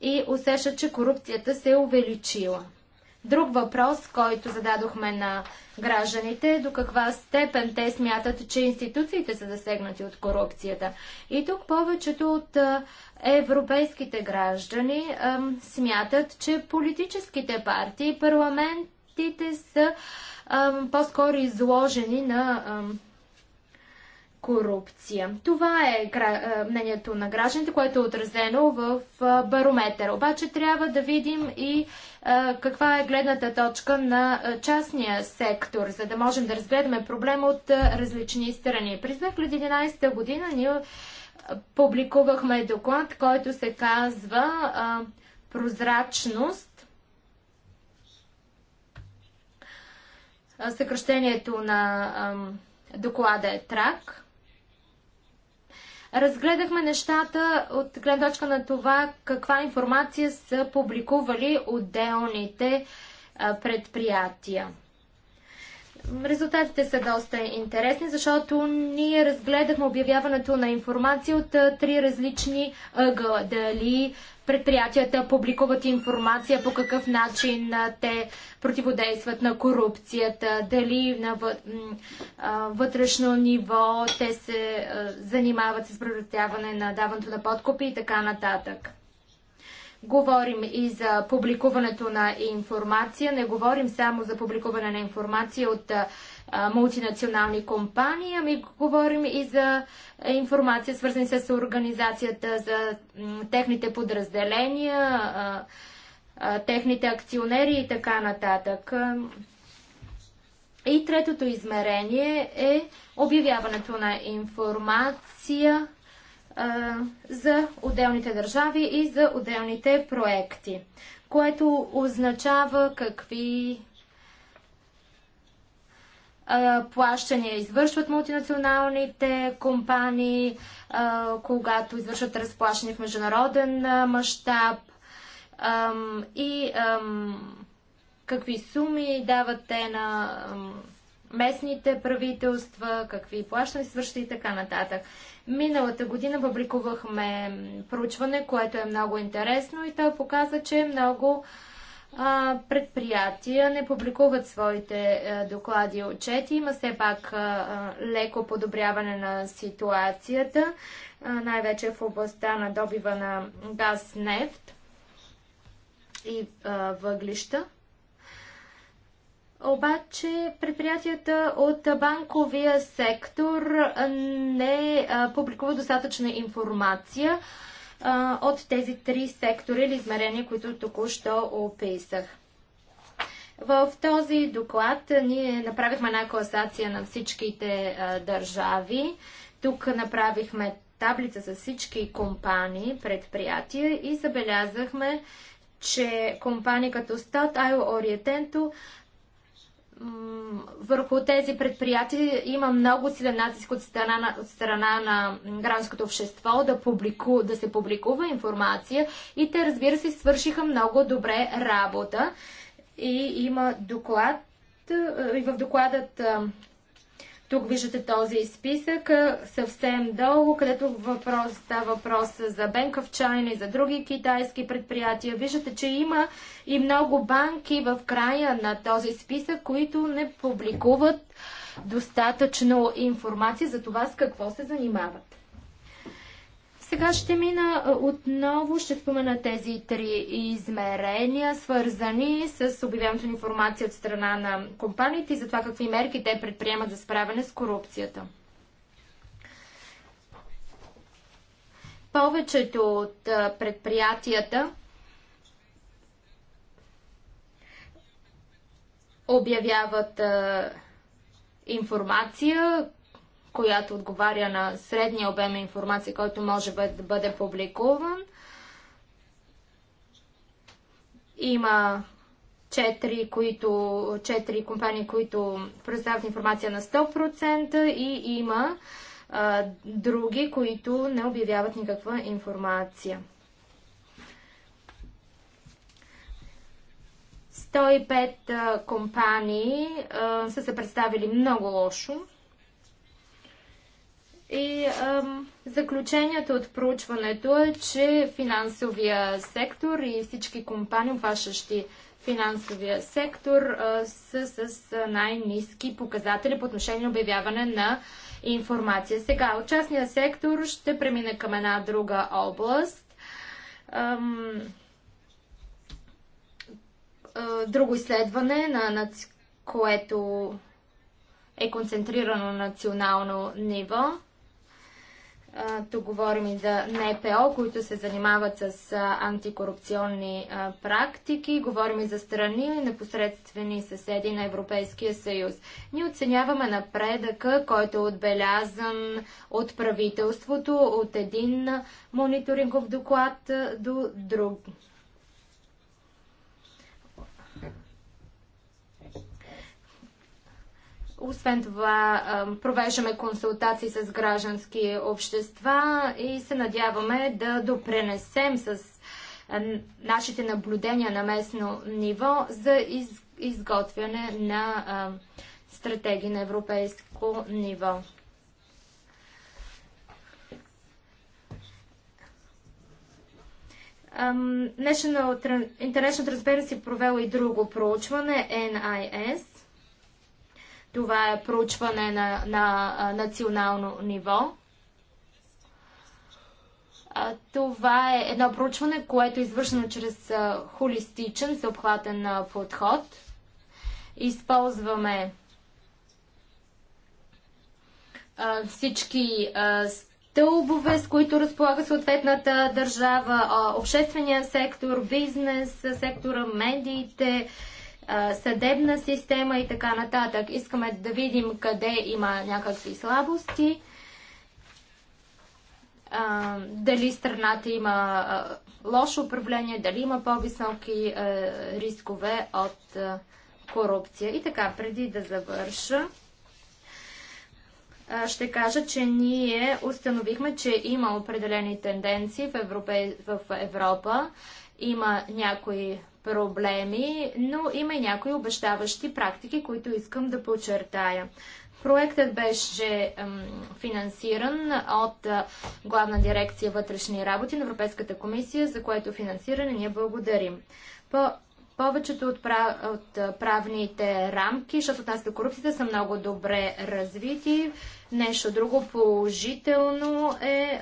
и усещат, че корупцията се е увеличила. Друг въпрос, който зададохме на гражданите, до каква степен те смятат, че институциите са засегнати от корупцията. И тук повечето от европейските граждани ем, смятат, че политическите партии и парламентите са по-скоро изложени на ем, корупция. Това е, е мнението на гражданите, което е отразено в е, барометър. Обаче трябва да видим и е, каква е гледната точка на частния сектор, за да можем да разгледаме проблема от различни страни. През 2011 година ние публикувахме доклад, който се казва Прозрачност съкръщението на доклада е ТРАК. Разгледахме нещата от гледна точка на това каква информация са публикували отделните предприятия. Резултатите са доста интересни, защото ние разгледахме обявяването на информация от три различни ъгъла. Дали предприятията публикуват информация по какъв начин те противодействат на корупцията, дали на вътрешно ниво те се занимават с предотвратяване на даването на подкупи и така нататък. Говорим и за публикуването на информация. Не говорим само за публикуване на информация от мултинационални компании, ами говорим и за е, информация, свързани с организацията, за техните подразделения, техните акционери и така нататък. И третото измерение е обявяването на информация за отделните държави и за отделните проекти, което означава какви плащания извършват мултинационалните компании, когато извършват разплащане в международен мащаб и какви суми дават те на местните правителства, какви плащания извършват и така нататък. Миналата година публикувахме проучване, което е много интересно и той показва, че много предприятия не публикуват своите е, доклади и отчети. Има все пак е, е, леко подобряване на ситуацията, най-вече в областта на добива на газ, нефт и въглища. Обаче предприятията от банковия сектор не публикуват достатъчна информация а, от тези три сектора или измерения, които току-що описах. В този доклад ние направихме една класация на всичките а, държави. Тук направихме таблица с всички компании, предприятия и забелязахме, че компании като Stat, Айл Ориетенто върху тези предприятия има много силен натиск от страна на, от страна на гражданското общество да, публику, да се публикува информация и те, разбира се, свършиха много добре работа. И има доклад, и в докладът тук виждате този списък съвсем долу, където въпрос, става въпрос за Bank of China и за други китайски предприятия. Виждате, че има и много банки в края на този списък, които не публикуват достатъчно информация за това с какво се занимават. Сега ще мина отново, ще спомена тези три измерения, свързани с обявяването на информация от страна на компаниите и за това какви мерки те предприемат за справяне с корупцията. Повечето от предприятията обявяват информация, която отговаря на средния обем информация, който може да бъде публикуван. Има четири, които, четири компании, които представят информация на 100% и има а, други, които не обявяват никаква информация. 105 а, компании а, са се представили много лошо и ам, заключението от проучването е, че финансовия сектор и всички компании, обващащи финансовия сектор, а, са с най-низки показатели по отношение на обявяване на информация. Сега от частния сектор ще премина към една друга област. Ам, а, друго изследване, на, на което е концентрирано на национално ниво. Тук говорим и за НПО, които се занимават с антикорупционни практики. Говорим и за страни и непосредствени съседи на Европейския съюз. Ние оценяваме напредъка, който е отбелязан от правителството от един мониторингов доклад до друг. Освен това, провеждаме консултации с граждански общества и се надяваме да допренесем с нашите наблюдения на местно ниво за изготвяне на стратегии на европейско ниво. International Transparency провела и друго проучване, NIS, това е проучване на, на национално ниво. Това е едно проучване, което е извършено чрез холистичен, съобхватен подход. Използваме всички стълбове, с които разполага съответната държава, обществения сектор, бизнес, сектора, медиите, съдебна система и така нататък. Искаме да видим къде има някакви слабости, дали страната има лошо управление, дали има по-високи рискове от корупция. И така, преди да завърша, ще кажа, че ние установихме, че има определени тенденции в, в Европа. Има някои проблеми, но има и някои обещаващи практики, които искам да подчертая. Проектът беше финансиран от Главна дирекция вътрешни работи на Европейската комисия, за което финансиране ние благодарим. По повечето от, прав... от правните рамки, що се отнася до корупцията, са много добре развити. Нещо друго положително е,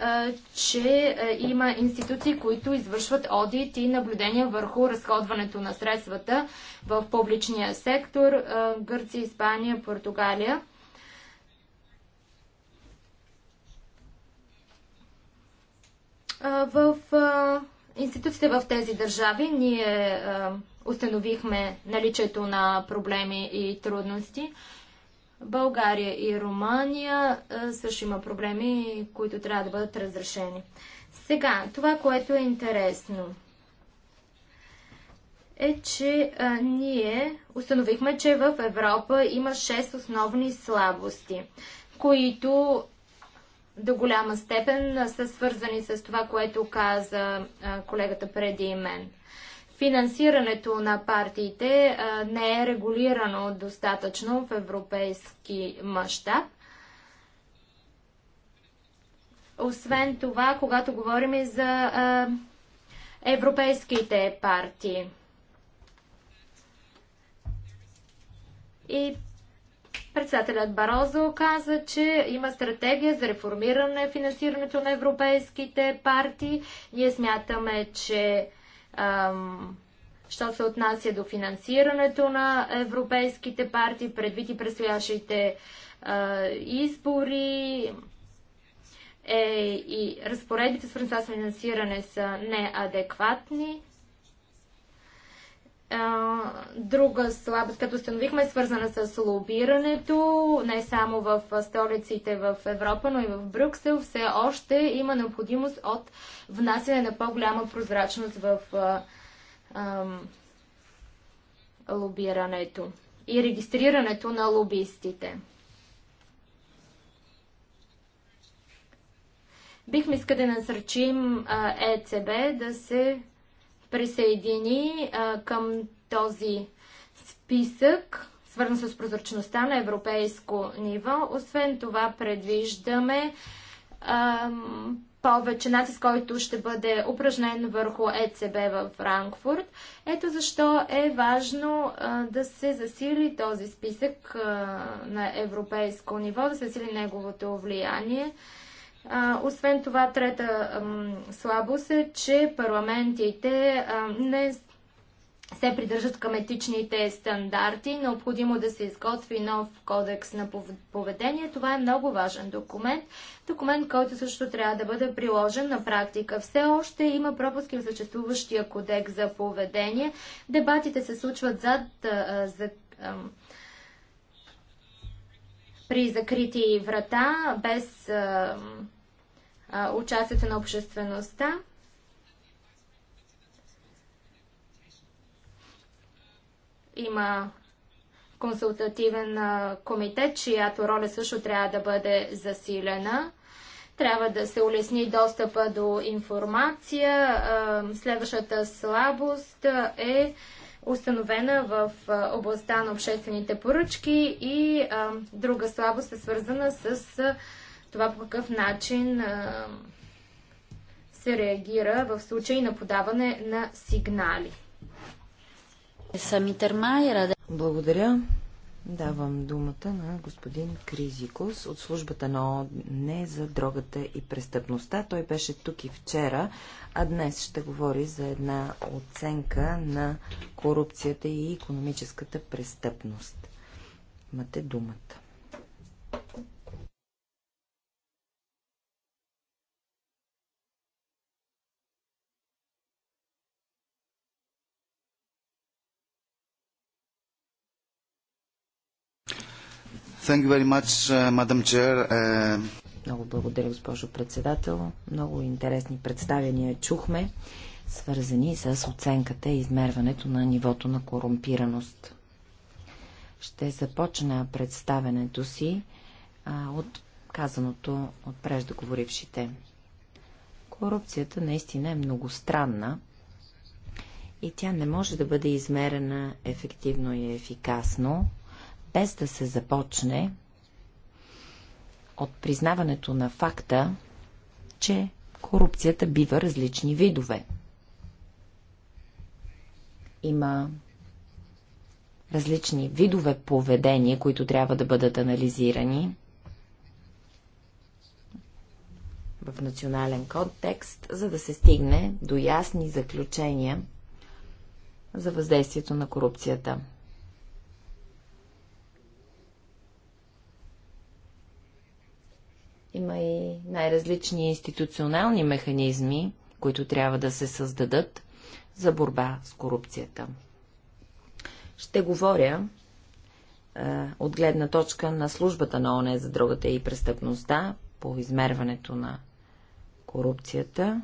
че има институции, които извършват одит и наблюдения върху разходването на средствата в публичния сектор Гърция, Испания, Португалия. В институциите в тези държави ние установихме наличието на проблеми и трудности. България и Румъния също има проблеми, които трябва да бъдат разрешени. Сега, това, което е интересно, е, че а, ние установихме, че в Европа има 6 основни слабости, които до голяма степен са свързани с това, което каза а, колегата преди мен – Финансирането на партиите не е регулирано достатъчно в европейски мащаб. Освен това, когато говорим и за европейските партии. И председателят Барозо каза, че има стратегия за реформиране финансирането на европейските партии. Ние смятаме, че що се отнася до финансирането на европейските партии, предвид и предстоящите избори е, и разпоредбите с финансиране са неадекватни. Друга слабост, като установихме, е свързана с лобирането, не само в столиците в Европа, но и в Брюксел. Все още има необходимост от внасяне на по-голяма прозрачност в а, а, лобирането и регистрирането на лобистите. Бихме искали да насърчим ЕЦБ да се присъедини а, към този списък, свързан с прозрачността на европейско ниво. Освен това, предвиждаме а, повече натиск, който ще бъде упражнен върху ЕЦБ в Франкфурт. Ето защо е важно а, да се засили този списък а, на европейско ниво, да се засили неговото влияние. А, освен това, трета ам, слабост е, че парламентите ам, не се придържат към етичните стандарти. Необходимо да се изготви нов кодекс на поведение. Това е много важен документ. Документ, който също трябва да бъде приложен на практика. Все още има пропуски в съществуващия кодекс за поведение. Дебатите се случват зад а, за, при закрити врата, без а, а, участието на обществеността. Има консултативен комитет, чиято роля също трябва да бъде засилена. Трябва да се улесни достъпа до информация. Следващата слабост е установена в областта на обществените поръчки и друга слабост е свързана с това по какъв начин се реагира в случай на подаване на сигнали. Самитер Майера. Благодаря. Давам думата на господин Кризикус от службата на ООН за дрогата и престъпността. Той беше тук и вчера, а днес ще говори за една оценка на корупцията и економическата престъпност. Имате думата. Thank you very much, uh, Madam Chair. Uh, Много благодаря, госпожо председател. Много интересни представения чухме, свързани с оценката и измерването на нивото на корумпираност. Ще започна представенето си а, от казаното от преждоговорившите. Корупцията наистина е многостранна и тя не може да бъде измерена ефективно и ефикасно без да се започне от признаването на факта, че корупцията бива различни видове. Има различни видове поведение, които трябва да бъдат анализирани в национален контекст, за да се стигне до ясни заключения за въздействието на корупцията. Има и най-различни институционални механизми, които трябва да се създадат за борба с корупцията. Ще говоря е, от гледна точка на службата на ОНЕ за другата и престъпността по измерването на корупцията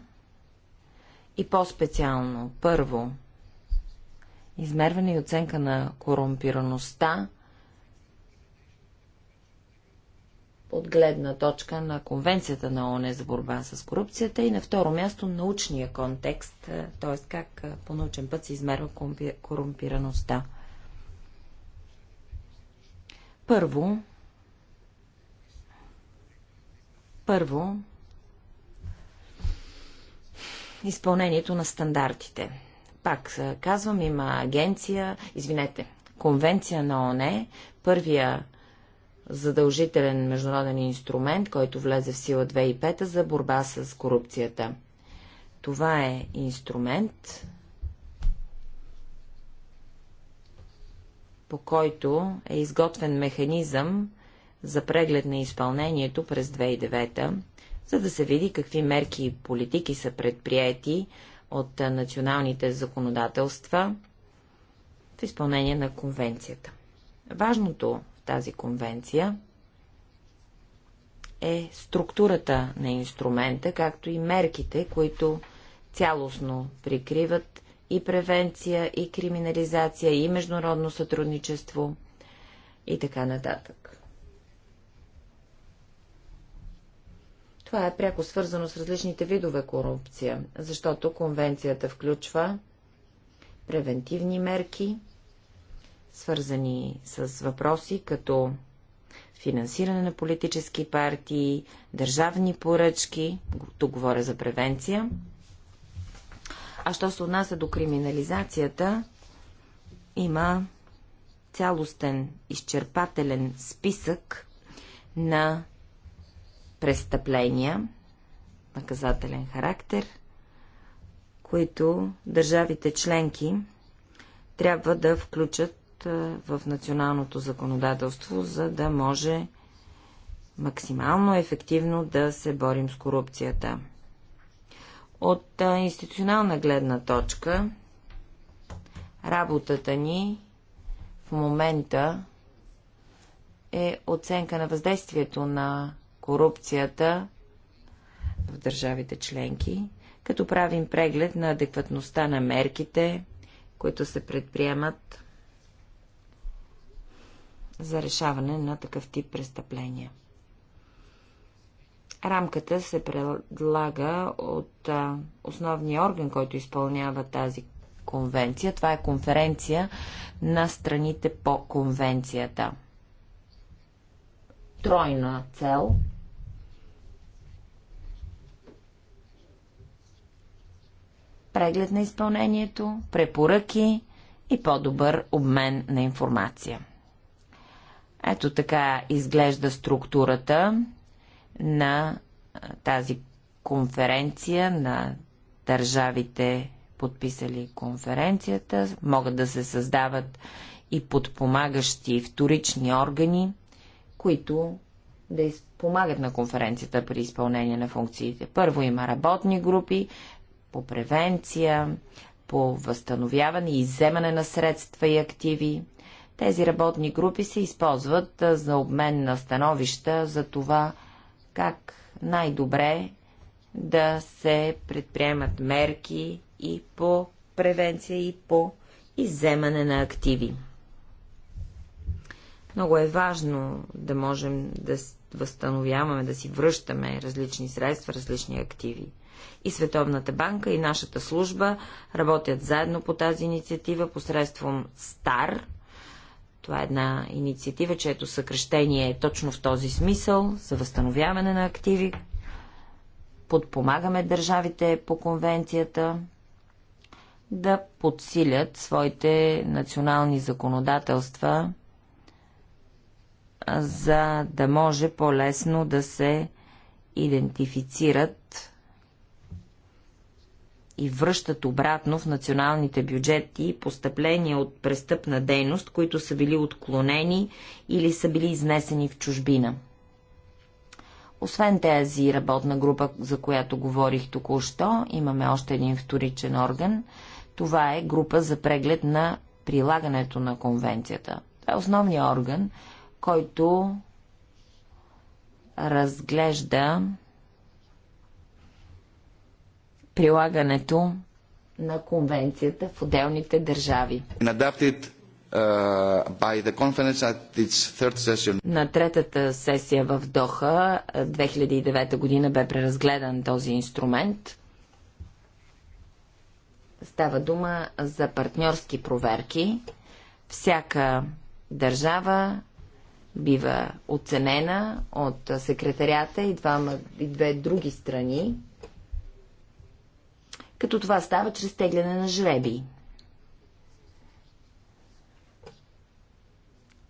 и по-специално първо измерване и оценка на корумпираността от гледна точка на Конвенцията на ОНЕ за борба с корупцията и на второ място научния контекст, е, т.е. как е, по научен път се измерва корумпираността. Първо, първо, изпълнението на стандартите. Пак е, казвам, има агенция, извинете, конвенция на ОНЕ, първия задължителен международен инструмент, който влезе в сила 2005 за борба с корупцията. Това е инструмент, по който е изготвен механизъм за преглед на изпълнението през 2009, за да се види какви мерки и политики са предприяти от националните законодателства в изпълнение на конвенцията. Важното тази конвенция е структурата на инструмента, както и мерките, които цялостно прикриват и превенция, и криминализация, и международно сътрудничество и така нататък. Това е пряко свързано с различните видове корупция, защото конвенцията включва превентивни мерки, свързани с въпроси като финансиране на политически партии, държавни поръчки, тук говоря за превенция. А що се отнася до криминализацията, има цялостен, изчерпателен списък на престъпления, наказателен характер, които държавите членки трябва да включат в националното законодателство, за да може максимално ефективно да се борим с корупцията. От институционална гледна точка, работата ни в момента е оценка на въздействието на корупцията в държавите членки, като правим преглед на адекватността на мерките, които се предприемат за решаване на такъв тип престъпления. Рамката се предлага от а, основния орган, който изпълнява тази конвенция. Това е конференция на страните по конвенцията. Тройна цел. Преглед на изпълнението, препоръки и по-добър обмен на информация. Ето така изглежда структурата на тази конференция на държавите, подписали конференцията. Могат да се създават и подпомагащи вторични органи, които да помагат на конференцията при изпълнение на функциите. Първо има работни групи по превенция, по възстановяване и вземане на средства и активи, тези работни групи се използват за обмен на становища за това как най-добре да се предприемат мерки и по превенция, и по изземане на активи. Много е важно да можем да възстановяваме, да си връщаме различни средства, различни активи. И Световната банка, и нашата служба работят заедно по тази инициатива посредством СТАР, това е една инициатива, чието съкрещение е точно в този смисъл, за възстановяване на активи. Подпомагаме държавите по конвенцията да подсилят своите национални законодателства, за да може по-лесно да се идентифицират и връщат обратно в националните бюджети постъпления от престъпна дейност, които са били отклонени или са били изнесени в чужбина. Освен тези работна група, за която говорих току-що, имаме още един вторичен орган. Това е група за преглед на прилагането на конвенцията. Това е основният орган, който разглежда прилагането на конвенцията в отделните държави. Uh, на третата сесия в Доха 2009 година бе преразгледан този инструмент. Става дума за партньорски проверки. Всяка държава бива оценена от секретарята и, двама, и две други страни като това става чрез тегляне на жребий.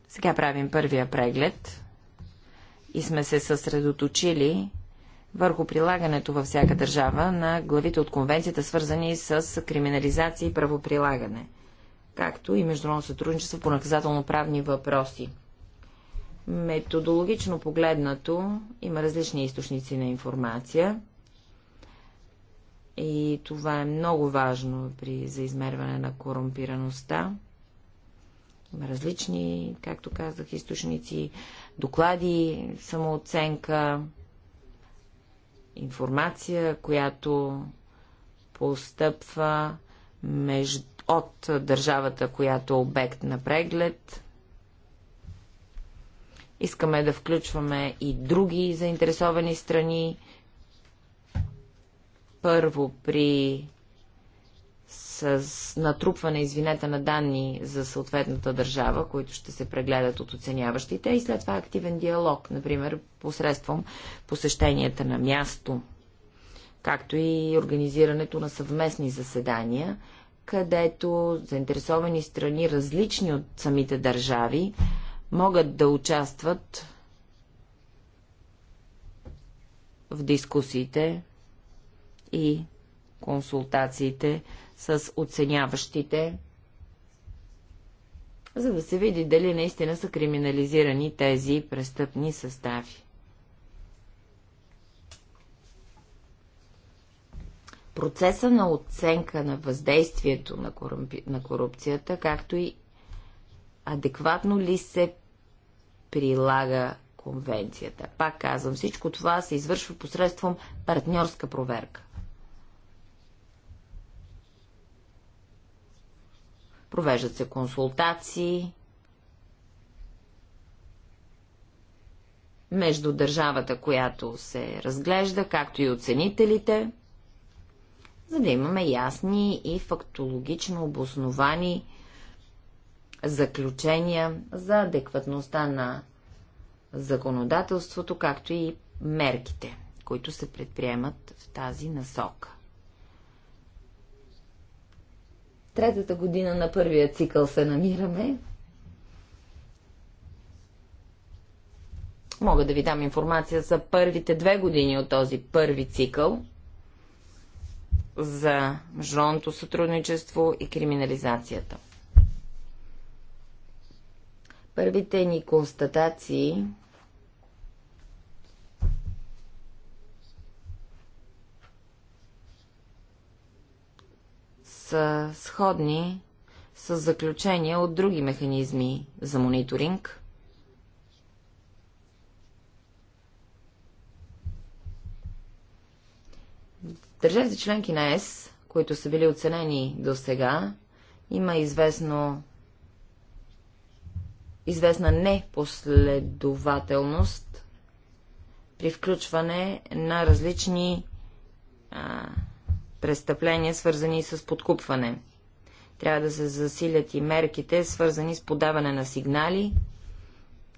Сега правим първия преглед и сме се съсредоточили върху прилагането във всяка държава на главите от конвенцията, свързани с криминализация и правоприлагане, както и международно сътрудничество по наказателно-правни въпроси. Методологично погледнато има различни източници на информация – и това е много важно при, за измерване на корумпираността. Има различни, както казах, източници, доклади, самооценка, информация, която постъпва между, от държавата, която е обект на преглед. Искаме да включваме и други заинтересовани страни, първо при с натрупване, извинете, на данни за съответната държава, които ще се прегледат от оценяващите и след това активен диалог, например, посредством посещенията на място, както и организирането на съвместни заседания, където заинтересовани страни, различни от самите държави, могат да участват в дискусиите и консултациите с оценяващите, за да се види дали наистина са криминализирани тези престъпни състави. Процеса на оценка на въздействието на, корупци... на корупцията, както и адекватно ли се прилага конвенцията. Пак казвам, всичко това се извършва посредством партньорска проверка. провеждат се консултации между държавата, която се разглежда, както и оценителите, за да имаме ясни и фактологично обосновани заключения за адекватността на законодателството, както и мерките, които се предприемат в тази насока. Третата година на първия цикъл се намираме. Мога да ви дам информация за първите две години от този първи цикъл за международното сътрудничество и криминализацията. Първите ни констатации са сходни с заключения от други механизми за мониторинг. Държавите членки на ЕС, които са били оценени до сега, има известно известна непоследователност при включване на различни а, престъпления, свързани с подкупване. Трябва да се засилят и мерките, свързани с подаване на сигнали,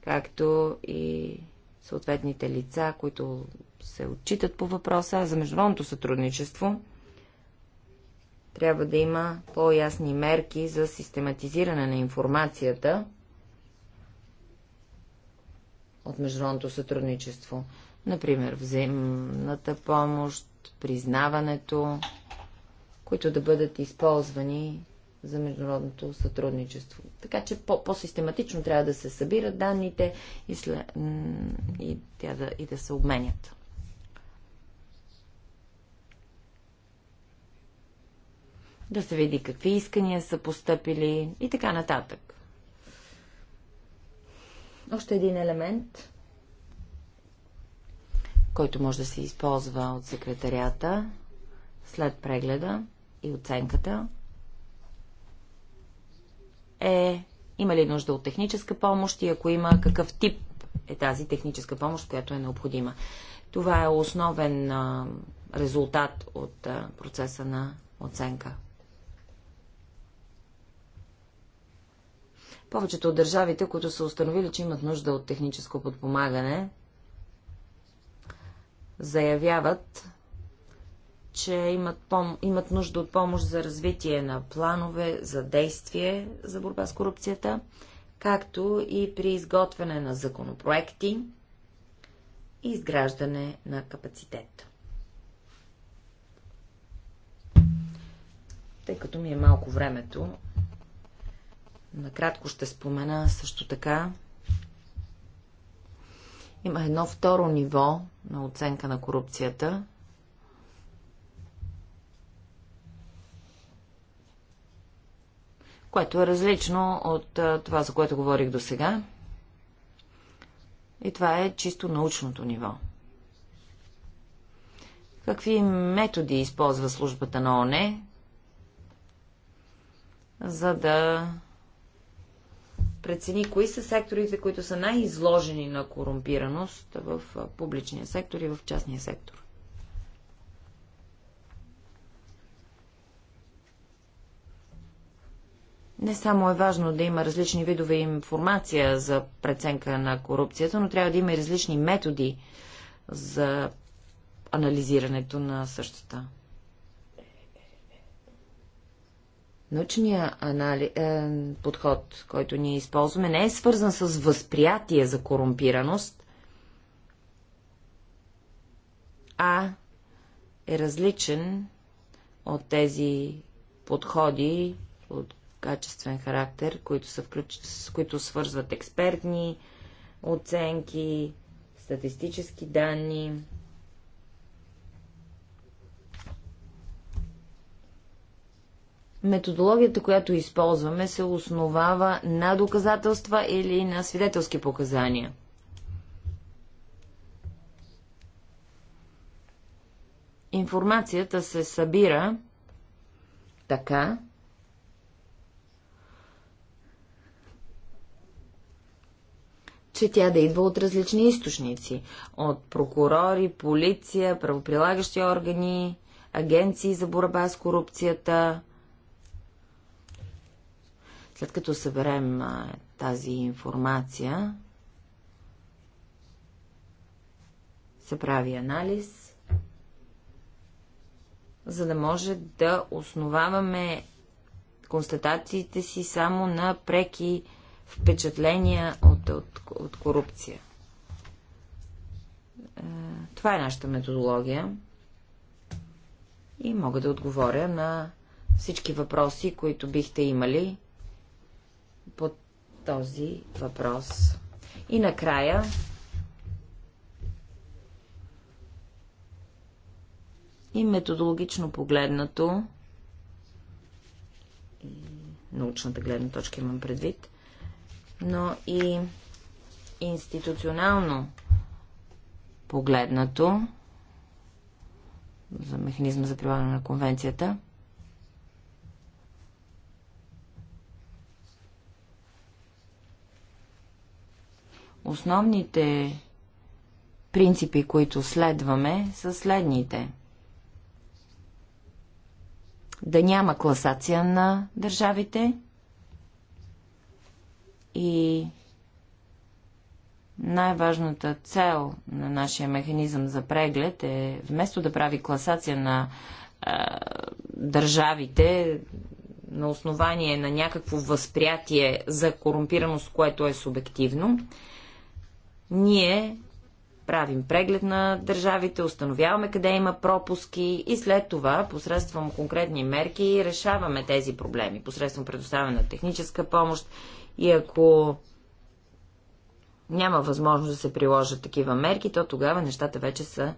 както и съответните лица, които се отчитат по въпроса. За международното сътрудничество трябва да има по-ясни мерки за систематизиране на информацията от международното сътрудничество. Например, взаимната помощ, признаването, които да бъдат използвани за международното сътрудничество. Така че по-систематично -по трябва да се събират данните и, след, и, тя да, и да се обменят. Да се види какви искания са поступили и така нататък. Още един елемент който може да се използва от секретарията след прегледа и оценката, е има ли нужда от техническа помощ и ако има, какъв тип е тази техническа помощ, която е необходима. Това е основен а, резултат от а, процеса на оценка. Повечето от държавите, които са установили, че имат нужда от техническо подпомагане, заявяват, че имат, пом... имат нужда от помощ за развитие на планове за действие за борба с корупцията, както и при изготвяне на законопроекти и изграждане на капацитет. Тъй като ми е малко времето, накратко ще спомена също така има едно второ ниво на оценка на корупцията. което е различно от това, за което говорих до сега. И това е чисто научното ниво. Какви методи използва службата на ОНЕ, за да прецени кои са секторите, които са най-изложени на корумпираност в публичния сектор и в частния сектор. Не само е важно да има различни видове информация за преценка на корупцията, но трябва да има и различни методи за анализирането на същата. Научният анали... е, подход, който ние използваме, не е свързан с възприятие за корумпираност, а е различен от тези подходи от качествен характер, които, са включ... с които свързват експертни оценки, статистически данни, Методологията, която използваме, се основава на доказателства или на свидетелски показания. Информацията се събира така, че тя да идва от различни източници – от прокурори, полиция, правоприлагащи органи, агенции за борба с корупцията, след като съберем а, тази информация, се прави анализ, за да може да основаваме констатациите си само на преки впечатления от, от, от корупция. Е, това е нашата методология и мога да отговоря на всички въпроси, които бихте имали този въпрос. И накрая и методологично погледнато и научната гледна точка имам предвид, но и институционално погледнато за механизма за прилагане на конвенцията – Основните принципи, които следваме, са следните. Да няма класация на държавите и най-важната цел на нашия механизъм за преглед е вместо да прави класация на е, държавите на основание на някакво възприятие за корумпираност, което е субективно, ние правим преглед на държавите, установяваме къде има пропуски и след това, посредством конкретни мерки, решаваме тези проблеми, посредством предоставяне на техническа помощ и ако няма възможност да се приложат такива мерки, то тогава нещата вече са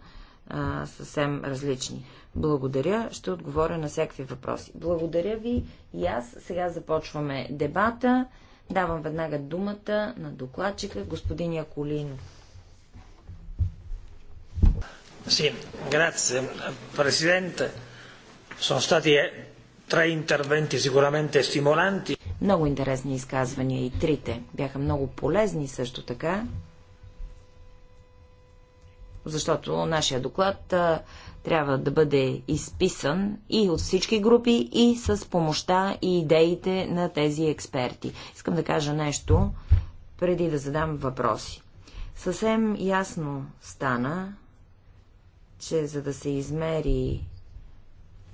а, съвсем различни. Благодаря. Ще отговоря на всякакви въпроси. Благодаря ви и аз. Сега започваме дебата. Давам веднага думата на докладчика господин Яколино. Sì, grazie Presidente. Sono stati eh, tre interventi sicuramente стимуланти. Много интересни изказвания и трите. Бяха много полезни също така, защото нашия доклад трябва да бъде изписан и от всички групи, и с помощта и идеите на тези експерти. Искам да кажа нещо, преди да задам въпроси. Съвсем ясно стана, че за да се измери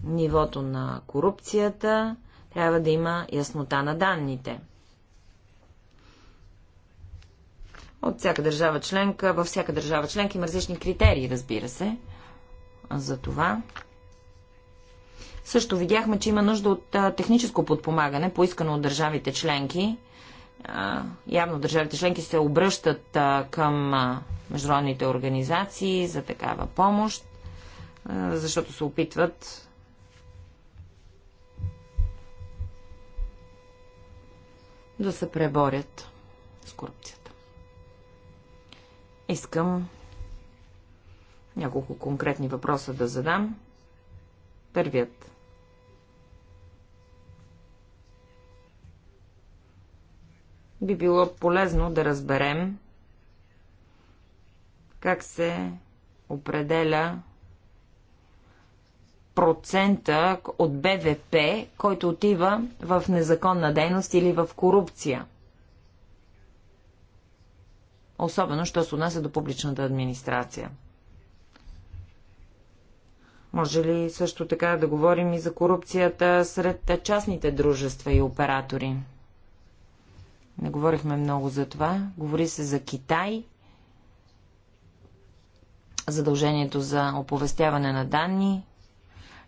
нивото на корупцията, трябва да има яснота на данните. От всяка държава членка, във всяка държава членка има различни критерии, разбира се за това. Също видяхме, че има нужда от техническо подпомагане, поискано от държавите членки. явно държавите членки се обръщат към международните организации за такава помощ, защото се опитват да се преборят с корупцията. Искам няколко конкретни въпроса да задам. Първият. Би било полезно да разберем как се определя процента от БВП, който отива в незаконна дейност или в корупция. Особено, що се отнася до публичната администрация. Може ли също така да говорим и за корупцията сред частните дружества и оператори? Не говорихме много за това. Говори се за Китай, задължението за оповестяване на данни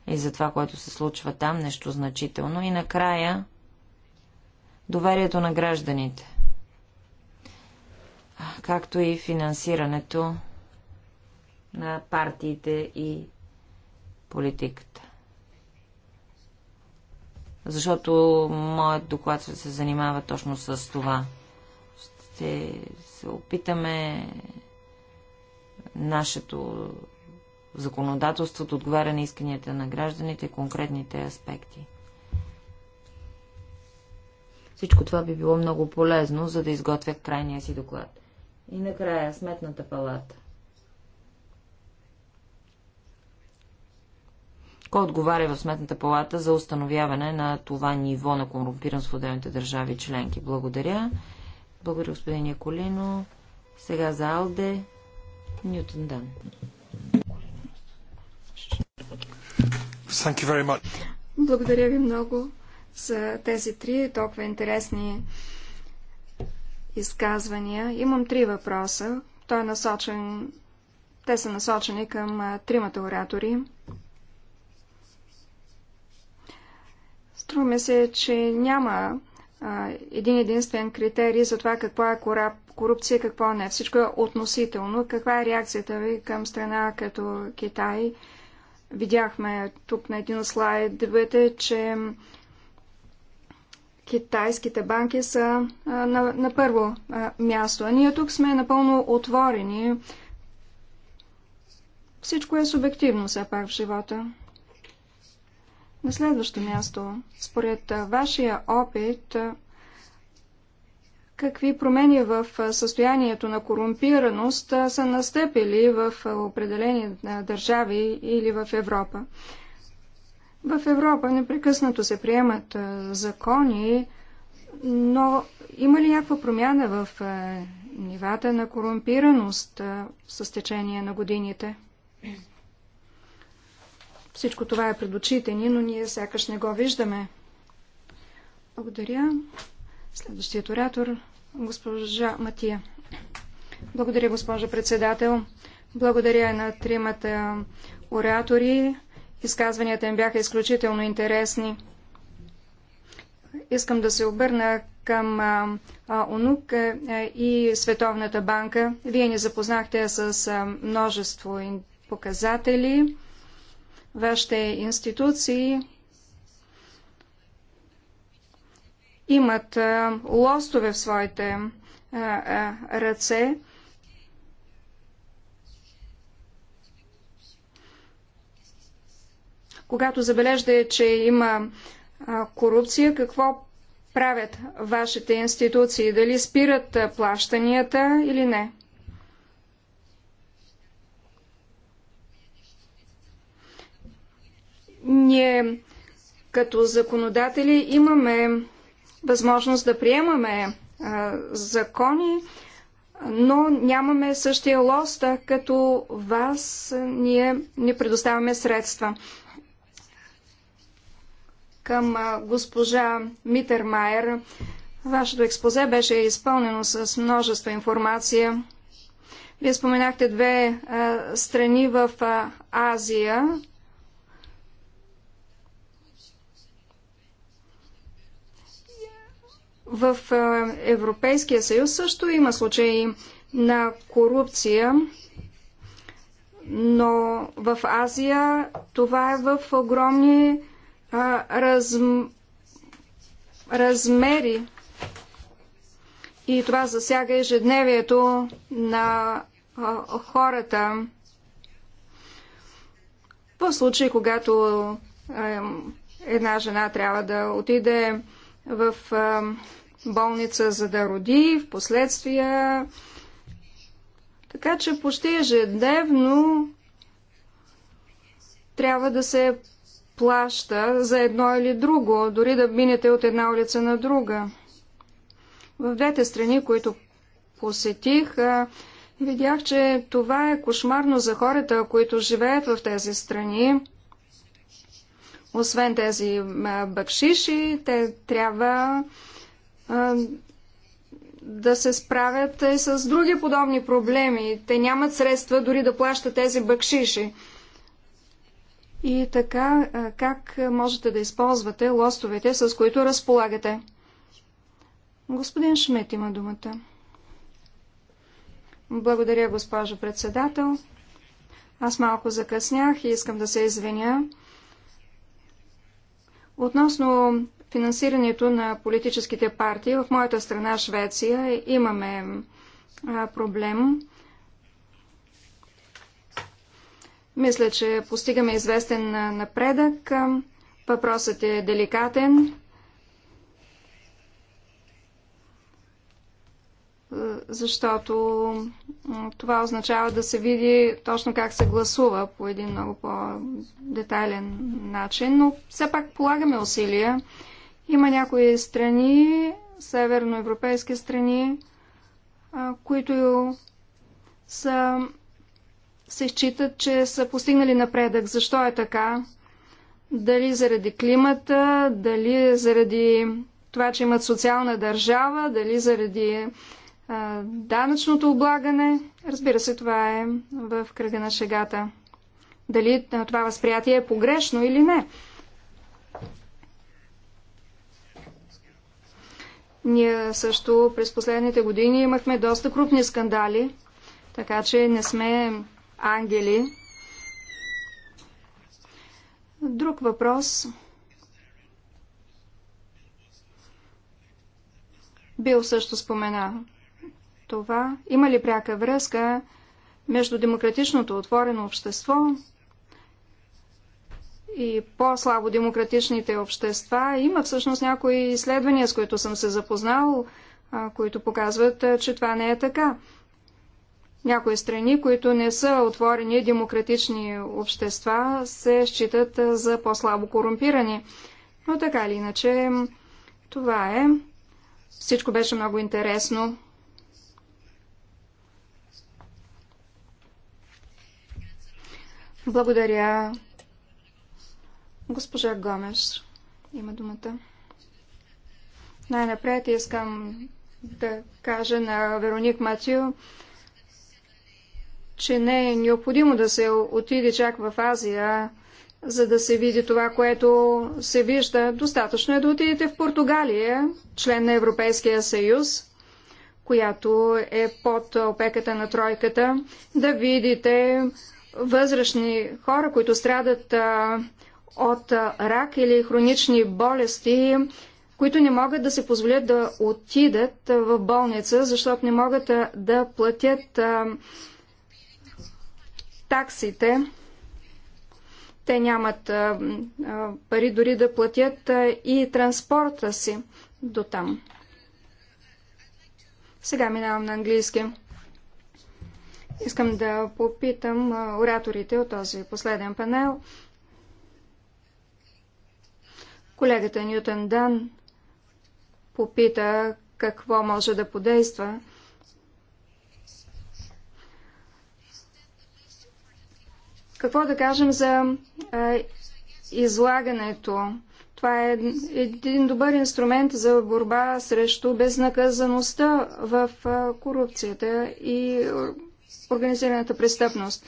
и за това, което се случва там, нещо значително. И накрая доверието на гражданите, както и финансирането на партиите и политиката. Защото моят доклад ще се занимава точно с това. Ще се опитаме нашето законодателство да отговаря на исканията на гражданите конкретните аспекти. Всичко това би било много полезно, за да изготвя крайния си доклад. И накрая Сметната палата. Кой отговаря в Сметната палата за установяване на това ниво на корумпираност в отделните държави членки? Благодаря. Благодаря, господин Яколино. Сега за Алде. Ньютон Дан. Благодаря ви много за тези три толкова интересни изказвания. Имам три въпроса. Той е насочен... Те са насочени към тримата оратори. ми се, че няма един единствен критерий за това какво е корупция, какво не. Всичко е относително. Каква е реакцията ви към страна като Китай? Видяхме тук на един от слайдовете, че китайските банки са на, на първо място. А ние тук сме напълно отворени. Всичко е субективно все пак в живота. На следващо място, според вашия опит, какви промени в състоянието на корумпираност са настъпили в определени държави или в Европа? В Европа непрекъснато се приемат закони, но има ли някаква промяна в нивата на корумпираност с течение на годините? Всичко това е пред очите ни, но ние сякаш не го виждаме. Благодаря. Следващият оратор, госпожа Матия. Благодаря, госпожа председател. Благодаря на тримата оратори. Изказванията им бяха изключително интересни. Искам да се обърна към ОНУК е, е, и Световната банка. Вие ни запознахте с множество показатели. Вашите институции имат лостове в своите ръце. Когато забележда, че има корупция, какво правят вашите институции? Дали спират плащанията или не? Ние като законодатели имаме възможност да приемаме а, закони, но нямаме същия лоста, като вас ние не предоставяме средства. Към а, госпожа Митермайер, вашето експозе беше изпълнено с множество информация. Вие споменахте две а, страни в а, Азия, В е, Европейския съюз също има случаи на корупция, но в Азия това е в огромни а, е, раз, размери и това засяга ежедневието на а, е, хората. В случай, когато а, една жена трябва да отиде в а, болница за да роди, в последствия. Така че почти ежедневно трябва да се плаща за едно или друго, дори да минете от една улица на друга. В двете страни, които посетих, видях, че това е кошмарно за хората, които живеят в тези страни. Освен тези бакшиши, те трябва да се справят и с други подобни проблеми. Те нямат средства дори да плащат тези бъкшиши. И така, как можете да използвате лостовете, с които разполагате? Господин Шмет има думата. Благодаря, госпожо председател. Аз малко закъснях и искам да се извиня. Относно финансирането на политическите партии. В моята страна Швеция имаме проблем. Мисля, че постигаме известен напредък. Въпросът е деликатен. защото това означава да се види точно как се гласува по един много по-детайлен начин, но все пак полагаме усилия има някои страни, северноевропейски страни, които са, се считат, че са постигнали напредък. Защо е така? Дали заради климата, дали заради това, че имат социална държава, дали заради а, данъчното облагане. Разбира се, това е в кръга на шегата. Дали това възприятие е погрешно или не. Ние също през последните години имахме доста крупни скандали, така че не сме ангели. Друг въпрос. Бил също спомена това. Има ли пряка връзка между демократичното отворено общество и по-слабо демократичните общества. Има всъщност някои изследвания, с които съм се запознал, които показват, че това не е така. Някои страни, които не са отворени демократични общества, се считат за по-слабо корумпирани. Но така или иначе, това е. Всичко беше много интересно. Благодаря Госпожа Гомеш има думата. Най-напред искам да кажа на Вероник Матио, че не е необходимо да се отиде чак в Азия, за да се види това, което се вижда. Достатъчно е да отидете в Португалия, член на Европейския съюз, която е под опеката на тройката, да видите възрастни хора, които страдат а, от рак или хронични болести, които не могат да се позволят да отидат в болница, защото не могат да платят таксите. Те нямат пари дори да платят и транспорта си до там. Сега минавам на английски. Искам да попитам ораторите от този последен панел. Колегата Нютен Дан попита какво може да подейства. Какво да кажем за а, излагането? Това е един добър инструмент за борба срещу безнаказаността в корупцията и организираната престъпност.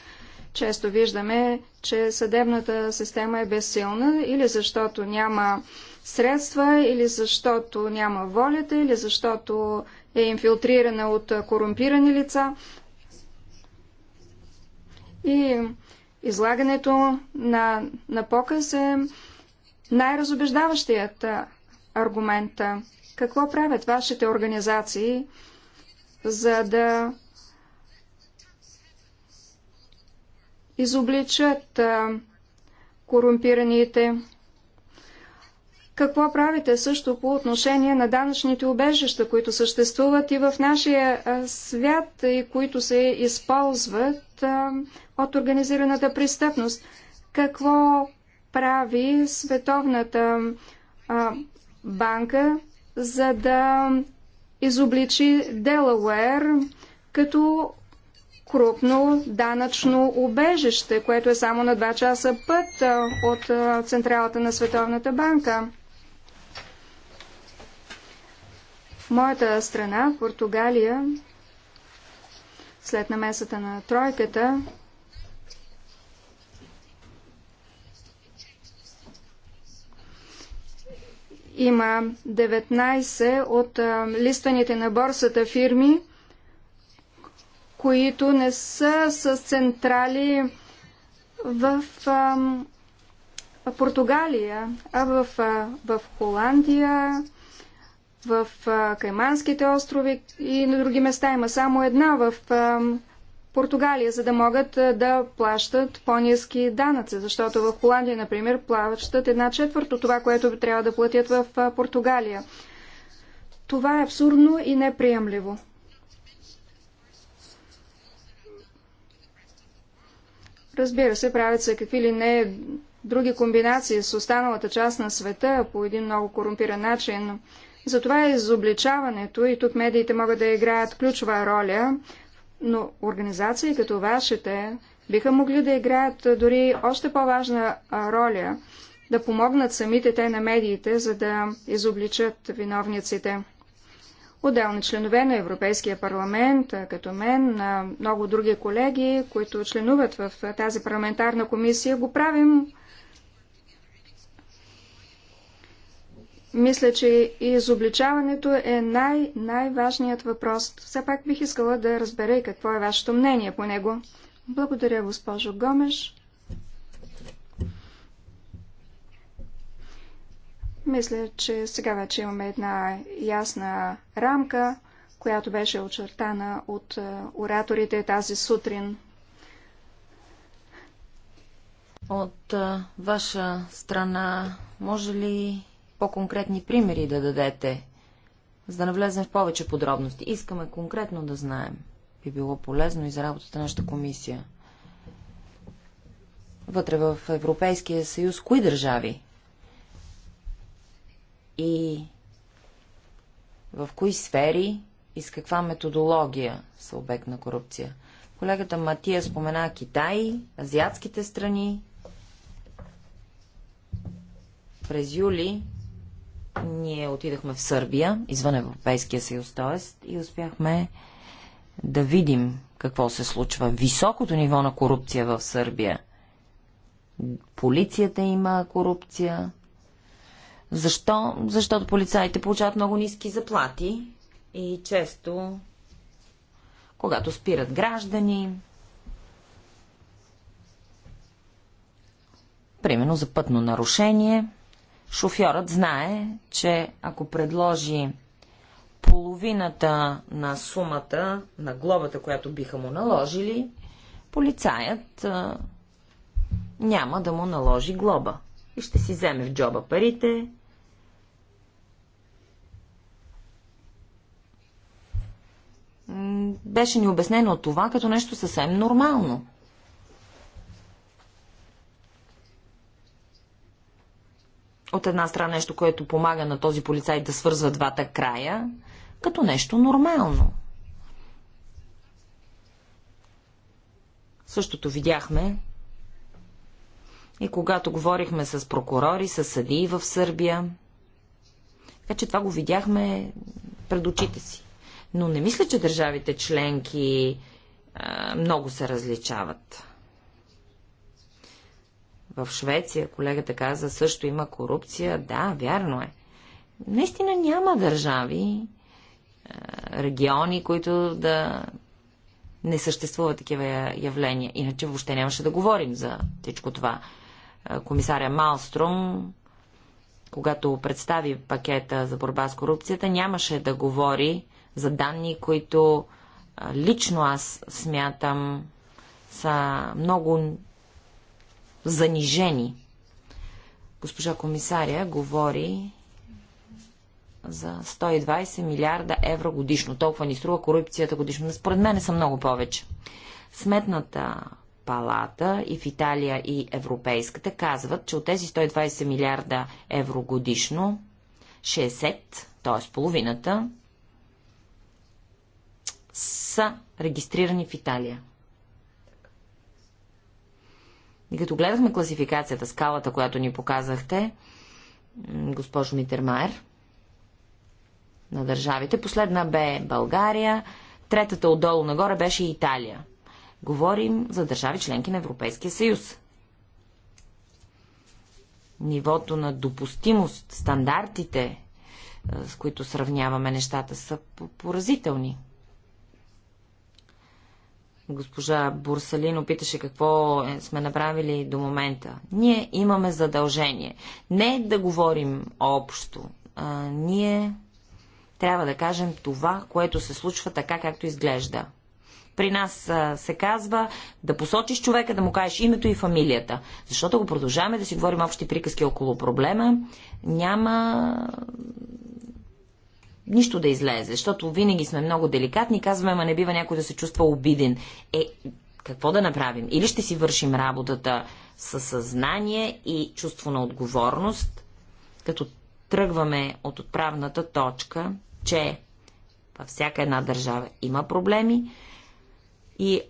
Често виждаме, че съдебната система е безсилна или защото няма средства, или защото няма волята, или защото е инфилтрирана от корумпирани лица. И излагането на, на показ е най-разобеждаващият аргумент. Какво правят вашите организации, за да изобличат корумпираните. Какво правите също по отношение на данъчните убежища, които съществуват и в нашия свят и които се използват от организираната престъпност? Какво прави Световната банка, за да изобличи Делауер като крупно данъчно убежище, което е само на 2 часа път от централата на Световната банка. Моята страна, Португалия, след намесата на тройката, има 19 от листваните на борсата фирми, които не са с централи в а, Португалия, а в, а, в Холандия, в а, Кайманските острови и на други места. Има само една в а, Португалия, за да могат а, да плащат по-низки данъци, защото в Холандия, например, плащат една четвърта от това, което трябва да платят в а, Португалия. Това е абсурдно и неприемливо. Разбира се, правят се какви ли не други комбинации с останалата част на света по един много корумпиран начин. Затова е изобличаването и тук медиите могат да играят ключова роля, но организации като вашите биха могли да играят дори още по-важна роля, да помогнат самите те на медиите, за да изобличат виновниците отделни членове на Европейския парламент, като мен, на много други колеги, които членуват в тази парламентарна комисия, го правим. Мисля, че изобличаването е най- най-важният въпрос. Все пак бих искала да разбера и какво е вашето мнение по него. Благодаря, госпожо Гомеш. Мисля, че сега вече имаме една ясна рамка, която беше очертана от е, ораторите тази сутрин. От е, ваша страна, може ли по-конкретни примери да дадете, за да навлезем в повече подробности? Искаме конкретно да знаем. Би било полезно и за работата на нашата комисия. Вътре в Европейския съюз, кои държави и в кои сфери и с каква методология са обект на корупция. Колегата Матия спомена Китай, азиатските страни. През юли ние отидахме в Сърбия, извън Европейския съюз, т.е. и успяхме да видим какво се случва. Високото ниво на корупция в Сърбия. Полицията има корупция, защо? Защото полицаите получават много ниски заплати и често, когато спират граждани, примерно за пътно нарушение, шофьорът знае, че ако предложи половината на сумата на глобата, която биха му наложили, полицаят а, няма да му наложи глоба и ще си вземе в джоба парите беше ни обяснено това като нещо съвсем нормално. От една страна нещо, което помага на този полицай да свързва двата края, като нещо нормално. Същото видяхме и когато говорихме с прокурори, с съдии в Сърбия. Така че това го видяхме пред очите си но не мисля, че държавите членки а, много се различават. В Швеция, колегата каза, също има корупция. Да, вярно е. Наистина няма държави, региони, които да не съществуват такива явления. Иначе въобще нямаше да говорим за всичко това. Комисаря Малстром, когато представи пакета за борба с корупцията, нямаше да говори за данни, които лично аз смятам са много занижени. Госпожа комисаря говори за 120 милиарда евро годишно. Толкова ни струва корупцията годишно. според мен са много повече. Сметната палата и в Италия и Европейската казват, че от тези 120 милиарда евро годишно, 60, т.е. половината, са регистрирани в Италия. И като гледахме класификацията, скалата, която ни показахте, госпожо Митермайер, на държавите, последна бе България, третата отдолу нагоре беше Италия. Говорим за държави членки на Европейския съюз. Нивото на допустимост, стандартите, с които сравняваме нещата, са поразителни. Госпожа Бурсалин питаше какво е, сме направили до момента. Ние имаме задължение. Не да говорим общо. А, ние трябва да кажем това, което се случва така, както изглежда. При нас а, се казва да посочиш човека, да му кажеш името и фамилията. Защото го продължаваме да си говорим общи приказки около проблема, няма нищо да излезе, защото винаги сме много деликатни, казваме, ама не бива някой да се чувства обиден. Е, какво да направим? Или ще си вършим работата със съзнание и чувство на отговорност, като тръгваме от отправната точка, че във всяка една държава има проблеми и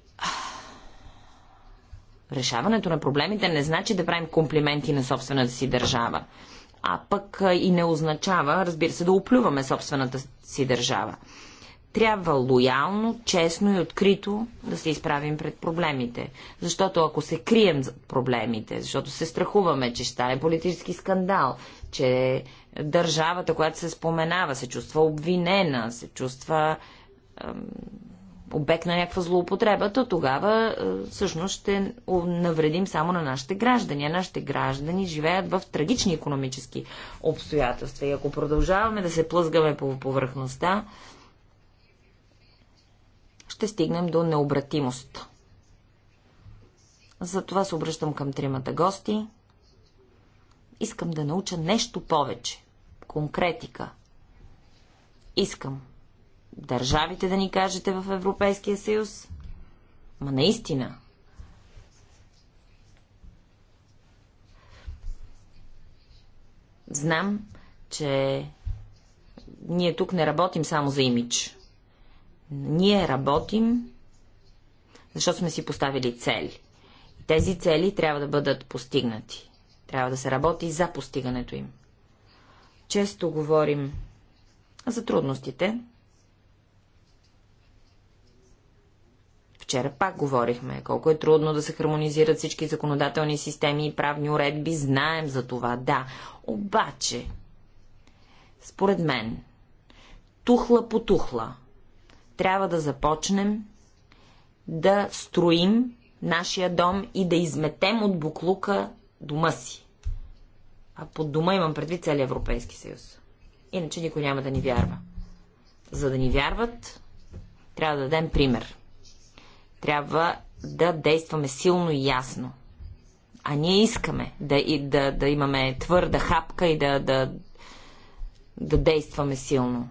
решаването на проблемите не значи да правим комплименти на собствената си държава а пък и не означава, разбира се, да оплюваме собствената си държава. Трябва лоялно, честно и открито да се изправим пред проблемите. Защото ако се крием за проблемите, защото се страхуваме, че ще стане политически скандал, че държавата, която се споменава, се чувства обвинена, се чувства обект на някаква злоупотреба, то тогава е, всъщност ще навредим само на нашите граждани. А нашите граждани живеят в трагични економически обстоятелства. И ако продължаваме да се плъзгаме по повърхността, ще стигнем до необратимост. Затова се обръщам към тримата гости. Искам да науча нещо повече. Конкретика. Искам държавите да ни кажете в Европейския съюз. Ма наистина. Знам, че ние тук не работим само за имидж. Ние работим, защото сме си поставили цели. И тези цели трябва да бъдат постигнати. Трябва да се работи за постигането им. Често говорим за трудностите, Вчера пак говорихме колко е трудно да се хармонизират всички законодателни системи и правни уредби. Знаем за това, да. Обаче, според мен, тухла по тухла, трябва да започнем да строим нашия дом и да изметем от буклука дома си. А под дома имам предвид целия Европейски съюз. Иначе никой няма да ни вярва. За да ни вярват, трябва да дадем пример. Трябва да действаме силно и ясно. А ние искаме да, и, да, да имаме твърда хапка и да, да, да действаме силно.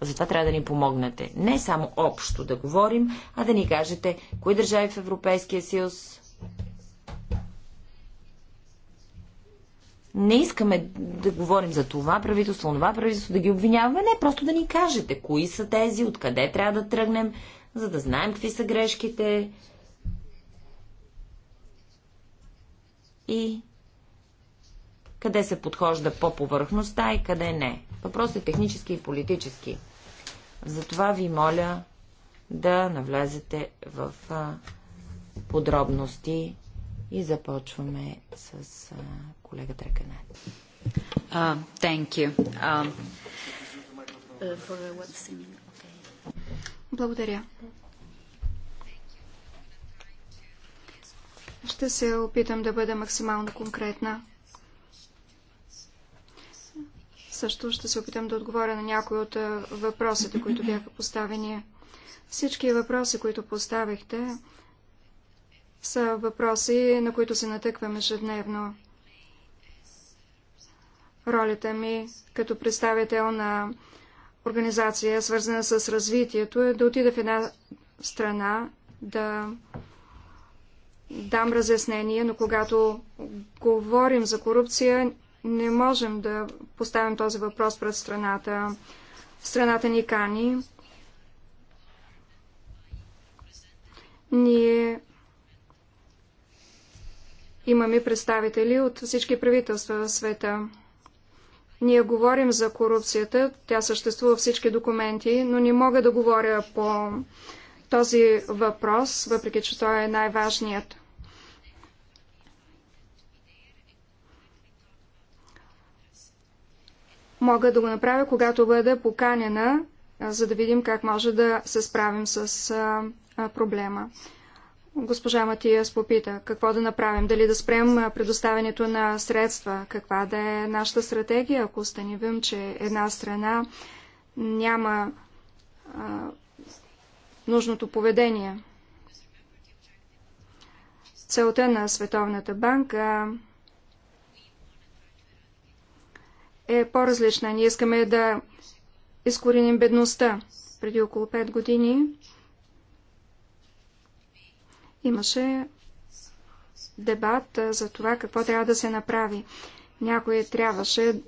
Затова трябва да ни помогнете. Не само общо да говорим, а да ни кажете кои държави в Европейския съюз Не искаме да говорим за това правителство, това правителство, да ги обвиняваме. Не, просто да ни кажете кои са тези, откъде трябва да тръгнем, за да знаем какви са грешките и къде се подхожда по повърхността и къде не. Въпрос е технически и политически. Затова ви моля да навлезете в подробности и започваме с колегата Реканет. Uh, thank you. Um, uh, for what's in, okay. Благодаря. Ще се опитам да бъда максимално конкретна. Също ще се опитам да отговоря на някои от въпросите, които бяха поставени. Всички въпроси, които поставихте, са въпроси, на които се натъкваме ежедневно. Ролята ми като представител на организация, свързана с развитието, е да отида в една страна, да дам разяснение, но когато говорим за корупция, не можем да поставим този въпрос пред страната. Страната ни кани. Ние имаме представители от всички правителства в света. Ние говорим за корупцията, тя съществува всички документи, но не мога да говоря по този въпрос, въпреки че той е най-важният. Мога да го направя, когато бъда поканена, за да видим как може да се справим с проблема. Госпожа Матиас попита какво да направим, дали да спрем предоставянето на средства, каква да е нашата стратегия, ако установим, че една страна няма а, нужното поведение. Целта на Световната банка е по-различна. Ние искаме да изкореним бедността. Преди около 5 години имаше дебат за това какво трябва да се направи. Някои трябваше,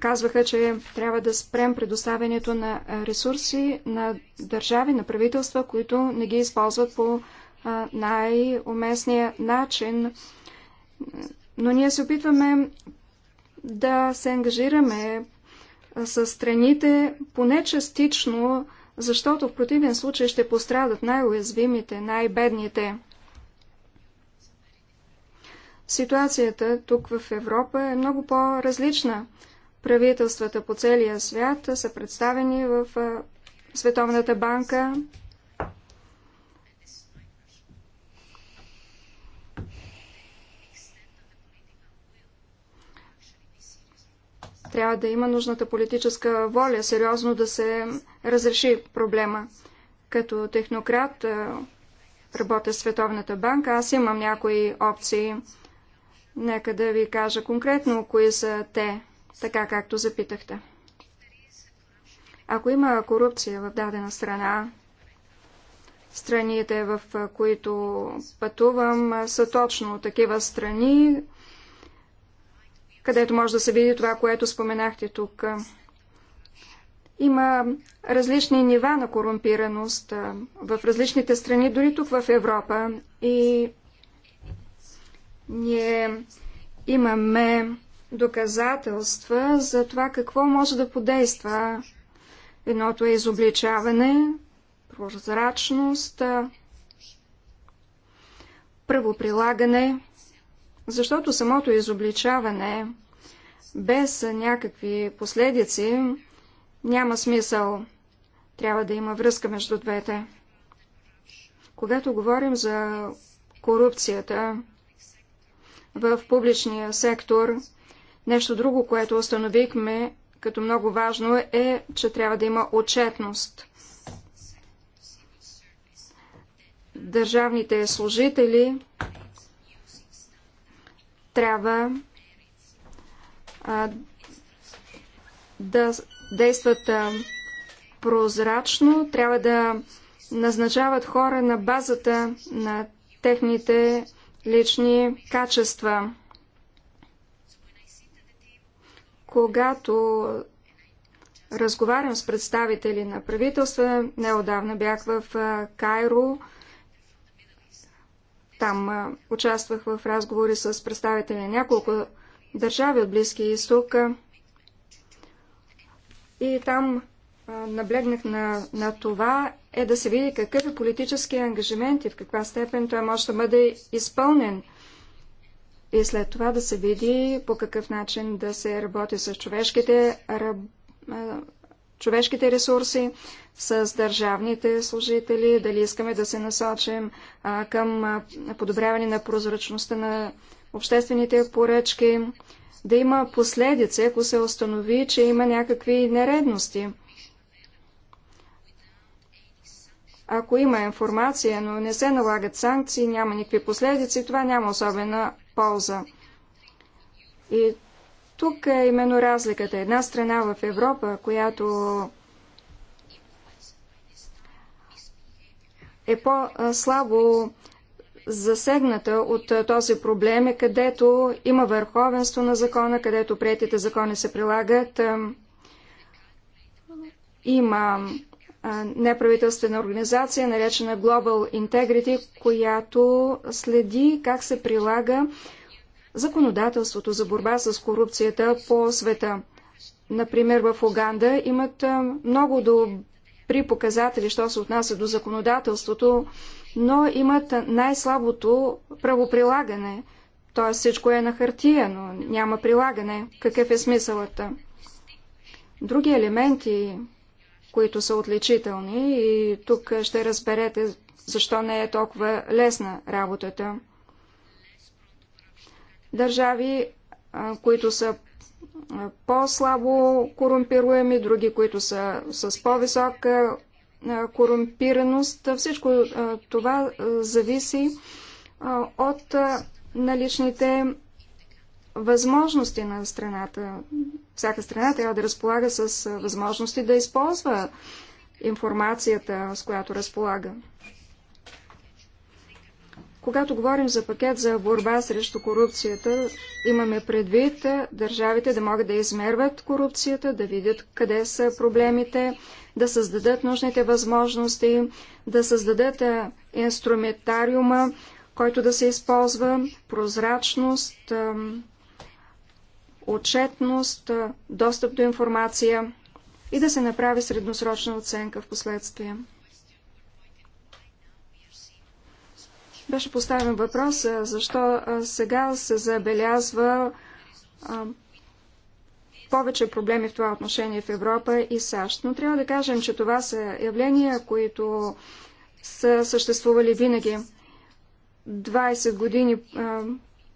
казваха, че трябва да спрем предоставянето на ресурси на държави, на правителства, които не ги използват по най-уместния начин. Но ние се опитваме да се ангажираме с страните поне частично, защото в противен случай ще пострадат най-уязвимите, най-бедните. Ситуацията тук в Европа е много по-различна. Правителствата по целия свят са представени в Световната банка. Трябва да има нужната политическа воля сериозно да се разреши проблема. Като технократ работя в Световната банка, аз имам някои опции. Нека да ви кажа конкретно кои са те, така както запитахте. Ако има корупция в дадена страна, страните, в които пътувам, са точно такива страни, където може да се види това, което споменахте тук. Има различни нива на корумпираност в различните страни, дори тук в Европа. И ние имаме доказателства за това какво може да подейства. Едното е изобличаване, прозрачност, правоприлагане, защото самото изобличаване без някакви последици няма смисъл. Трябва да има връзка между двете. Когато говорим за корупцията, в публичния сектор. Нещо друго, което установихме като много важно е, че трябва да има отчетност. Държавните служители трябва да действат прозрачно, трябва да назначават хора на базата на техните лични качества. Когато разговарям с представители на правителства, неодавна бях в Кайро, там участвах в разговори с представители на няколко държави от Близкия изток и там наблегнах на, на това е да се види какъв е политически ангажимент и в каква степен той може да бъде изпълнен. И след това да се види по какъв начин да се работи с човешките, човешките ресурси, с държавните служители, дали искаме да се насочим към подобряване на прозрачността на обществените поръчки, да има последици, ако се установи, че има някакви нередности – Ако има информация, но не се налагат санкции, няма никакви последици, това няма особена полза. И тук е именно разликата. Една страна в Европа, която е по-слабо засегната от този проблем е където има върховенство на закона, където приятите закони се прилагат. Има неправителствена организация, наречена Global Integrity, която следи как се прилага законодателството за борба с корупцията по света. Например, в Уганда имат много добри показатели, що се отнася до законодателството, но имат най-слабото правоприлагане. Т.е. всичко е на хартия, но няма прилагане. Какъв е смисълът? Други елементи които са отличителни и тук ще разберете защо не е толкова лесна работата. Държави, които са по-слабо корумпируеми, други, които са с по-висока корумпираност. Всичко това зависи от наличните възможности на страната. Всяка страна трябва да разполага с възможности да използва информацията, с която разполага. Когато говорим за пакет за борба срещу корупцията, имаме предвид държавите да могат да измерват корупцията, да видят къде са проблемите, да създадат нужните възможности, да създадат инструментариума, който да се използва, прозрачност, отчетност, достъп до информация и да се направи средносрочна оценка в последствие. Беше поставен въпрос защо сега се забелязва повече проблеми в това отношение в Европа и САЩ. Но трябва да кажем, че това са явления, които са съществували винаги. 20 години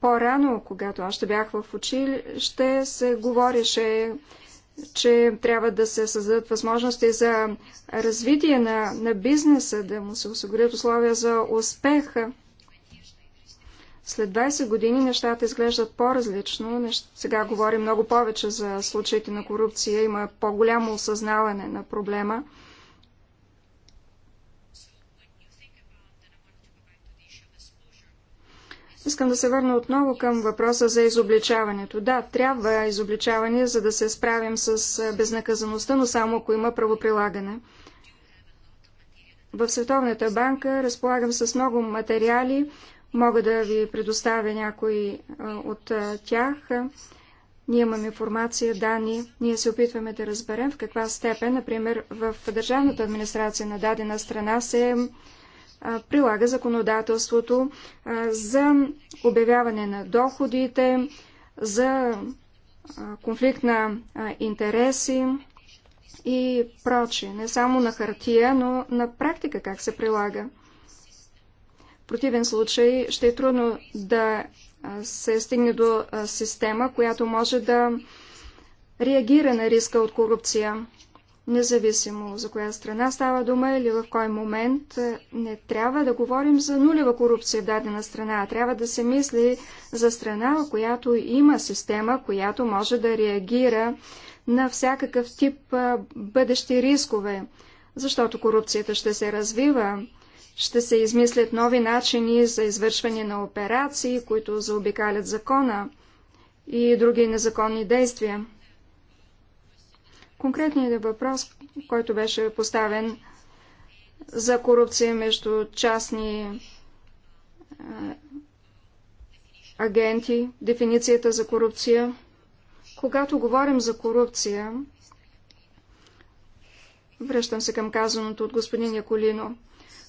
по-рано, когато още бях в училище, се говореше, че трябва да се създадат възможности за развитие на, на бизнеса, да му се осигурят условия за успеха. След 20 години нещата изглеждат по-различно. Сега говорим много повече за случаите на корупция. Има по-голямо осъзнаване на проблема. Искам да се върна отново към въпроса за изобличаването. Да, трябва изобличаване, за да се справим с безнаказаността, но само ако има правоприлагане. В Световната банка разполагам с много материали, мога да ви предоставя някои от тях. Ние имаме информация, данни, ние се опитваме да разберем в каква степен, например, в държавната администрация на дадена страна се прилага законодателството за обявяване на доходите, за конфликт на интереси и прочие. Не само на хартия, но на практика как се прилага. В противен случай ще е трудно да се стигне до система, която може да реагира на риска от корупция независимо за коя страна става дума или в кой момент, е, не трябва да говорим за нулева корупция в дадена страна, а трябва да се мисли за страна, в която има система, която може да реагира на всякакъв тип е, бъдещи рискове, защото корупцията ще се развива, ще се измислят нови начини за извършване на операции, които заобикалят закона и други незаконни действия. Конкретният е въпрос, който беше поставен за корупция между частни е, агенти, дефиницията за корупция. Когато говорим за корупция, връщам се към казаното от господин Яколино,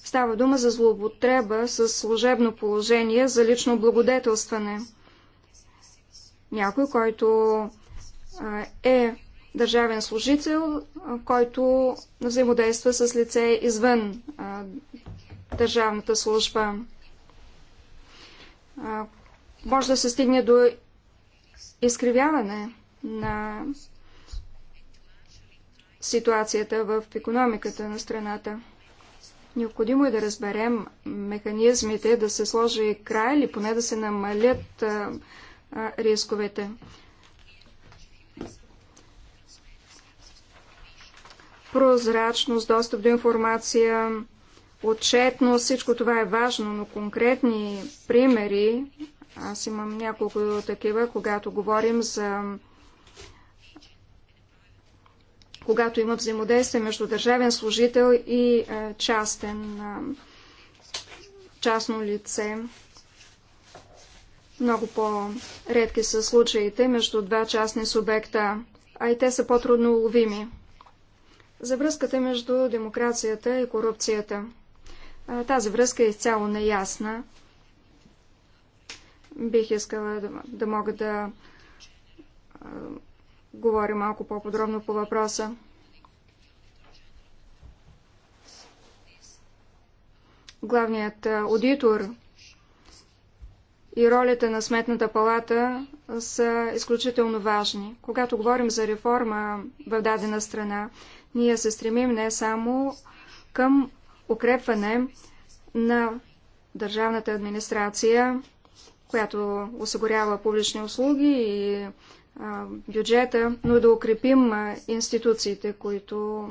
става дума за злоупотреба с служебно положение за лично благодетелстване. Някой, който е държавен служител, който взаимодейства с лице извън държавната служба. Може да се стигне до изкривяване на ситуацията в економиката на страната. Необходимо е да разберем механизмите, да се сложи край или поне да се намалят рисковете. прозрачност, достъп до информация, отчетност, всичко това е важно, но конкретни примери, аз имам няколко такива, когато говорим за когато има взаимодействие между държавен служител и частен, частно лице. Много по-редки са случаите между два частни субекта, а и те са по-трудно уловими за връзката между демокрацията и корупцията. Тази връзка е изцяло неясна. Бих искала да, да мога да а, говоря малко по-подробно по въпроса. Главният аудитор и ролята на Сметната палата са изключително важни. Когато говорим за реформа в дадена страна, ние се стремим не само към укрепване на държавната администрация, която осигурява публични услуги и бюджета, но да укрепим институциите, които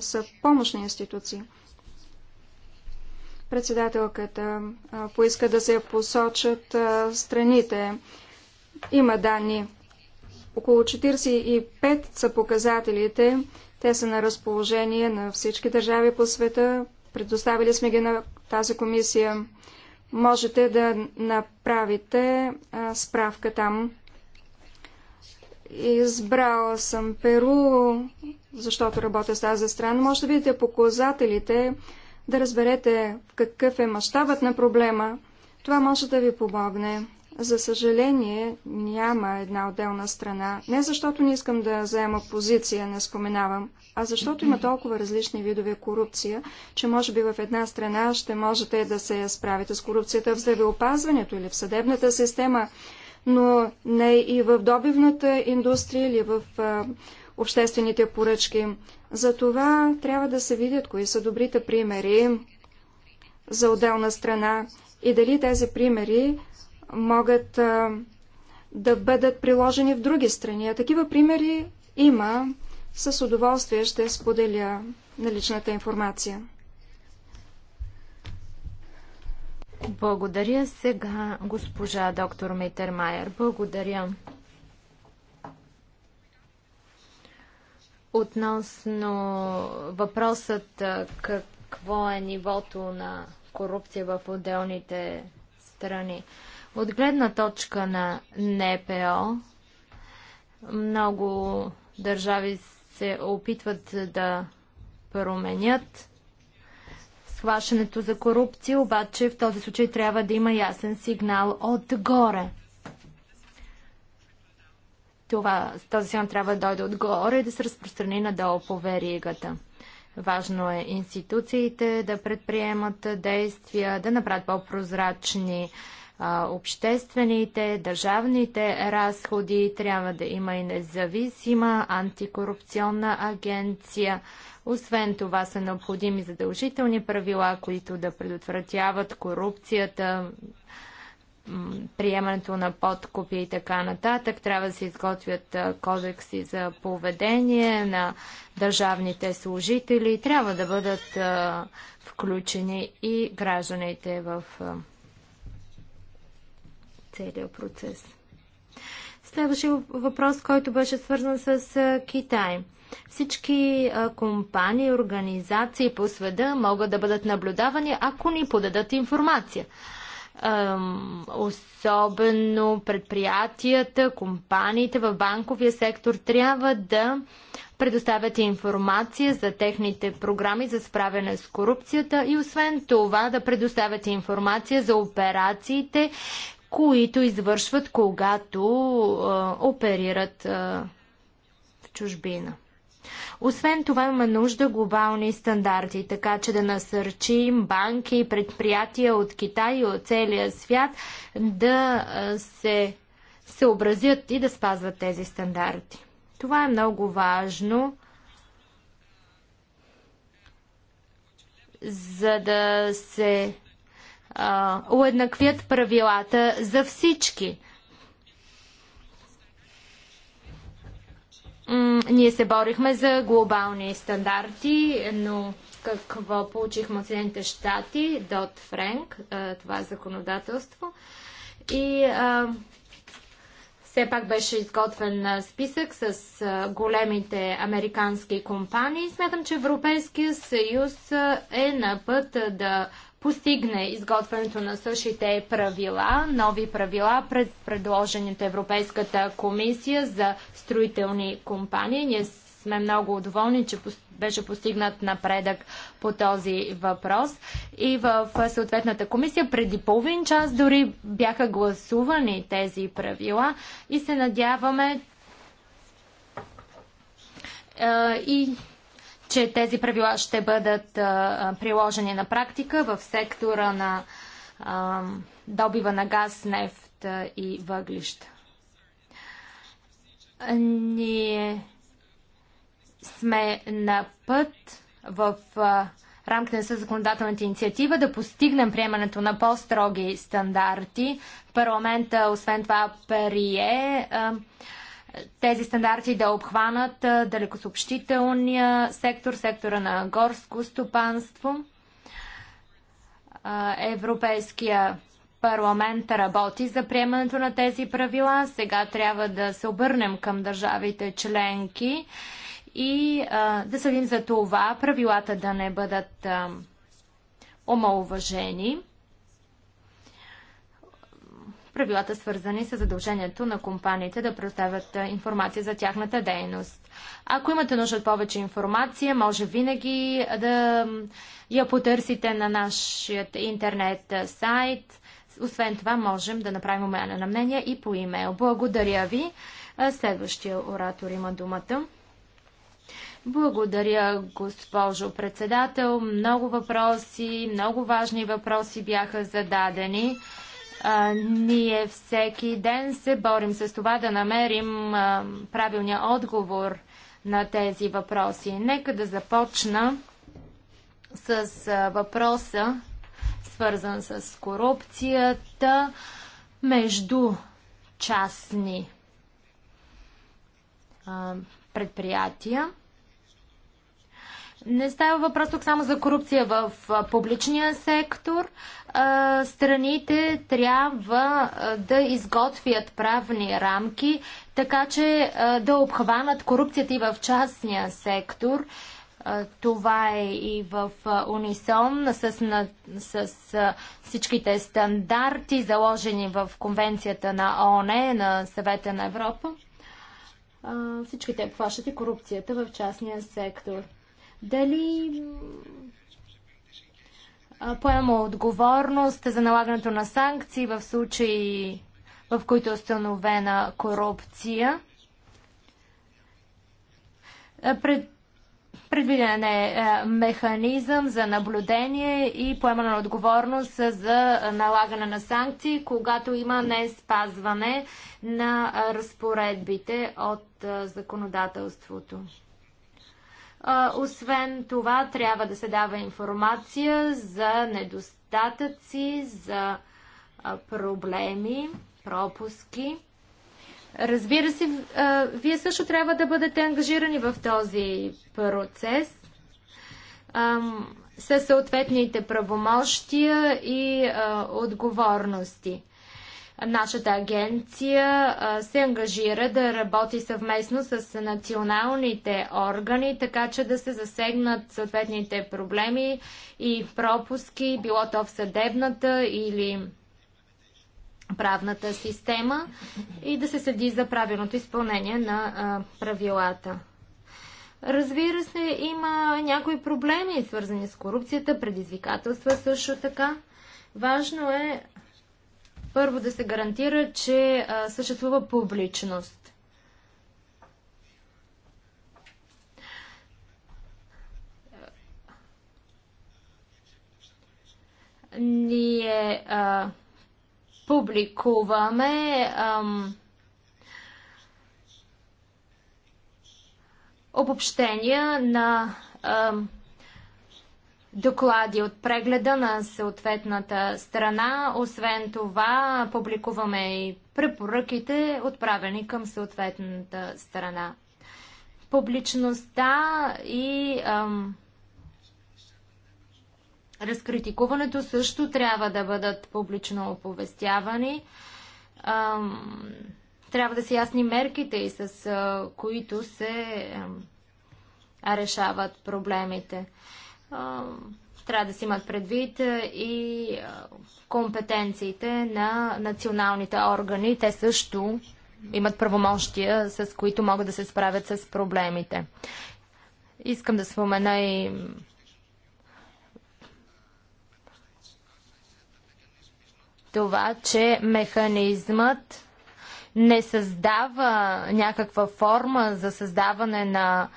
са помощни институции. Председателката поиска да се посочат страните. Има данни. Около 45 са показателите, те са на разположение на всички държави по света. Предоставили сме ги на тази комисия. Можете да направите а, справка там. Избрала съм Перу, защото работя с тази страна. Може да видите показателите, да разберете какъв е мащабът на проблема. Това може да ви помогне. За съжаление, няма една отделна страна. Не защото не искам да заема позиция, не споменавам, а защото има толкова различни видове корупция, че може би в една страна ще можете да се справите с корупцията в здравеопазването или в съдебната система, но не и в добивната индустрия или в обществените поръчки. За това трябва да се видят кои са добрите примери за отделна страна и дали тези примери могат а, да бъдат приложени в други страни. А такива примери има. С удоволствие ще споделя наличната информация. Благодаря сега, госпожа доктор Мейтермайер. Благодаря. Относно въпросът какво е нивото на корупция в отделните страни. От гледна точка на НПО, много държави се опитват да променят схващането за корупция, обаче в този случай трябва да има ясен сигнал отгоре. Това, този сигнал трябва да дойде отгоре и да се разпространи надолу по веригата. Важно е институциите да предприемат действия, да направят по-прозрачни обществените, държавните разходи, трябва да има и независима антикорупционна агенция. Освен това са необходими задължителни правила, които да предотвратяват корупцията, приемането на подкупи и така нататък. Трябва да се изготвят кодекси за поведение на държавните служители. Трябва да бъдат включени и гражданите в целият процес. Следваше въпрос, който беше свързан с Китай. Всички компании, организации по света могат да бъдат наблюдавани, ако ни подадат информация. Особено предприятията, компаниите в банковия сектор трябва да предоставят информация за техните програми за справяне с корупцията и освен това да предоставят информация за операциите, които извършват, когато а, оперират а, в чужбина. Освен това има нужда глобални стандарти, така че да насърчим банки и предприятия от Китай и от целия свят да се съобразят и да спазват тези стандарти. Това е много важно, за да се уеднаквят правилата за всички. ние се борихме за глобални стандарти, но какво получихме от Съединените щати, Дот Френк, това законодателство. И а, все пак беше изготвен списък с големите американски компании. Смятам, че Европейския съюз е на път да постигне изготвянето на същите правила, нови правила пред предложени от Европейската комисия за строителни компании. Ние сме много доволни, че беше постигнат напредък по този въпрос. И в съответната комисия преди половин час дори бяха гласувани тези правила и се надяваме и че тези правила ще бъдат а, приложени на практика в сектора на а, добива на газ, нефт и въглища. Ние сме на път в рамките на законодателната инициатива да постигнем приемането на по-строги стандарти. Парламента, освен това, прие тези стандарти да обхванат далекосъобщителния сектор, сектора на горско стопанство. Европейския парламент работи за приемането на тези правила. Сега трябва да се обърнем към държавите членки и да съдим за това правилата да не бъдат омалуважени правилата свързани с задължението на компаниите да предоставят информация за тяхната дейност. Ако имате нужда от повече информация, може винаги да я потърсите на нашия интернет сайт. Освен това, можем да направим умяна на мнения и по имейл. Благодаря ви. Следващия оратор има думата. Благодаря, госпожо председател. Много въпроси, много важни въпроси бяха зададени. А, ние всеки ден се борим с това да намерим а, правилния отговор на тези въпроси. Нека да започна с а, въпроса, свързан с корупцията между частни предприятия. Не става въпрос тук само за корупция в публичния сектор. Страните трябва да изготвят правни рамки, така че да обхванат корупцията и в частния сектор. Това е и в унисон с, на, с всичките стандарти, заложени в Конвенцията на ООН, на Съвета на Европа. Всичките обхващат и корупцията в частния сектор. Дали поема отговорност за налагането на санкции в случаи, в които е установена корупция? Пред Предвиден е механизъм за наблюдение и поемане на отговорност за налагане на санкции, когато има не спазване на разпоредбите от законодателството освен това, трябва да се дава информация за недостатъци, за проблеми, пропуски. Разбира се, вие също трябва да бъдете ангажирани в този процес със съответните правомощия и отговорности. Нашата агенция се ангажира да работи съвместно с националните органи, така че да се засегнат съответните проблеми и пропуски, било то в съдебната или правната система и да се следи за правилното изпълнение на правилата. Разбира се, има някои проблеми, свързани с корупцията, предизвикателства също така. Важно е първо да се гарантира, че а, съществува публичност. Ние а, публикуваме ам, обобщения на ам, доклади от прегледа на съответната страна. Освен това, публикуваме и препоръките, отправени към съответната страна. Публичността и ам, разкритикуването също трябва да бъдат публично оповестявани. Ам, трябва да са ясни мерките и с а, които се ам, решават проблемите трябва да си имат предвид и компетенциите на националните органи. Те също имат правомощия, с които могат да се справят с проблемите. Искам да спомена и това, че механизмът не създава някаква форма за създаване на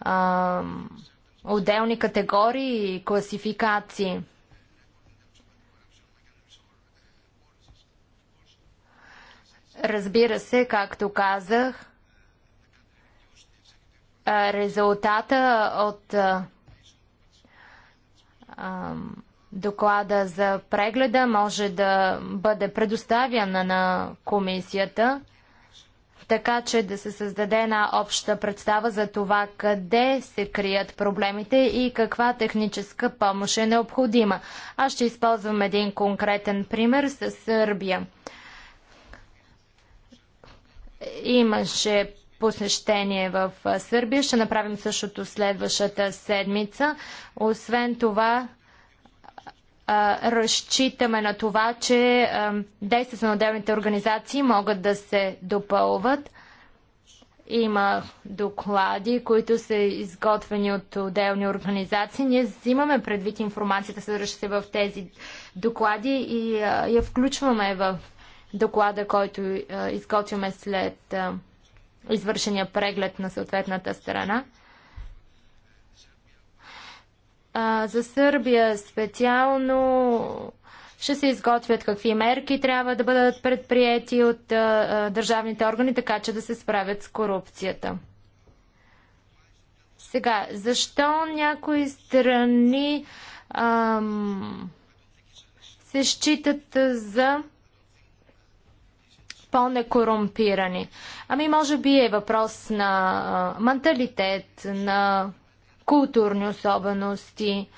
а, отделни категории и класификации. Разбира се, както казах, резултата от доклада за прегледа може да бъде предоставяна на комисията така че да се създаде една обща представа за това къде се крият проблемите и каква техническа помощ е необходима. Аз ще използвам един конкретен пример с Сърбия. Имаше посещение в Сърбия. Ще направим същото следващата седмица. Освен това, разчитаме на това, че действията на отделните организации могат да се допълват. Има доклади, които са изготвени от отделни организации. Ние взимаме предвид информацията, съдържаща се в тези доклади и я включваме в доклада, който изготвяме след извършения преглед на съответната страна. А, за Сърбия специално ще се изготвят какви мерки трябва да бъдат предприяти от а, а, държавните органи, така че да се справят с корупцията. Сега, защо някои страни ам, се считат за по-некорумпирани? Ами, може би е въпрос на а, менталитет, на културни особености.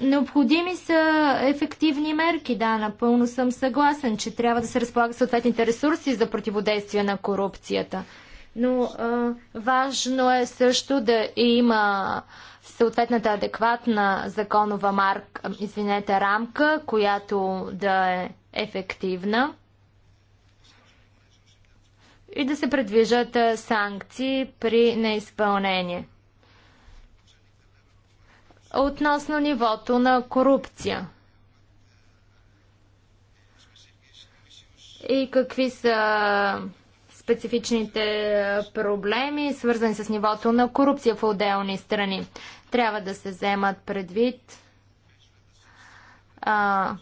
Необходими са ефективни мерки, да, напълно съм съгласен, че трябва да се разполагат съответните ресурси за противодействие на корупцията. Но а, важно е също да има съответната адекватна законова марка, извинете, рамка, която да е ефективна и да се предвижат санкции при неизпълнение относно нивото на корупция. И какви са специфичните проблеми, свързани с нивото на корупция в отделни страни. Трябва да се вземат предвид а,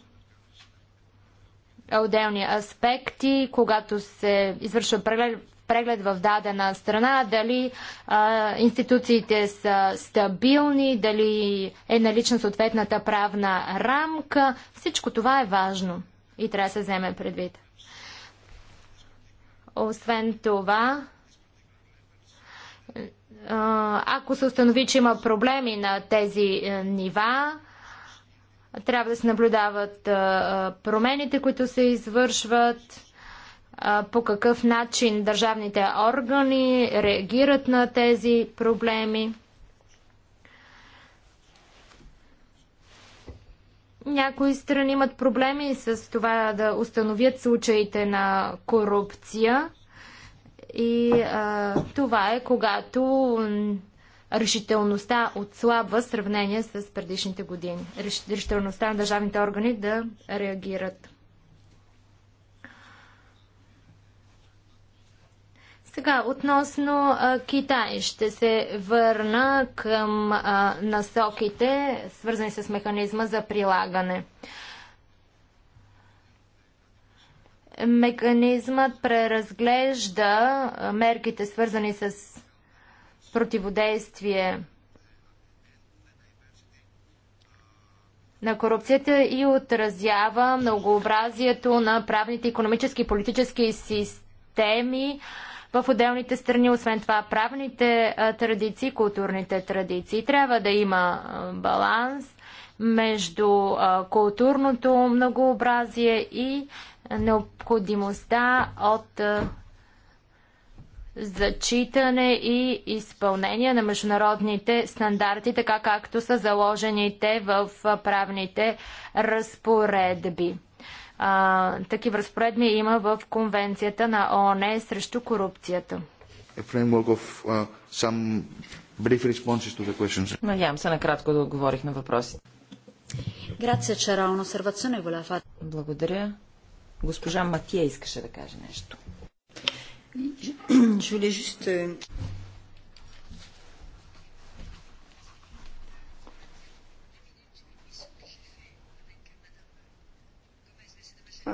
отделни аспекти, когато се извършва преглед преглед в дадена страна, дали а, институциите са стабилни, дали е налична съответната правна рамка. Всичко това е важно и трябва да се вземе предвид. Освен това, ако се установи, че има проблеми на тези е, нива, трябва да се наблюдават е, е, промените, които се извършват по какъв начин държавните органи реагират на тези проблеми. Някои страни имат проблеми с това да установят случаите на корупция и а, това е когато решителността отслабва в сравнение с предишните години. Решителността на държавните органи да реагират. Сега, относно а, Китай, ще се върна към а, насоките, свързани с механизма за прилагане. Механизмът преразглежда мерките, свързани с противодействие на корупцията и отразява многообразието на правните, економически и политически системи, в отделните страни, освен това правните традиции, културните традиции. Трябва да има баланс между културното многообразие и необходимостта от зачитане и изпълнение на международните стандарти, така както са заложените в правните разпоредби. А, такива разпоредби има в Конвенцията на ООН срещу корупцията. Uh, Надявам се накратко да отговорих на въпросите. Благодаря. Госпожа Матия искаше да каже нещо.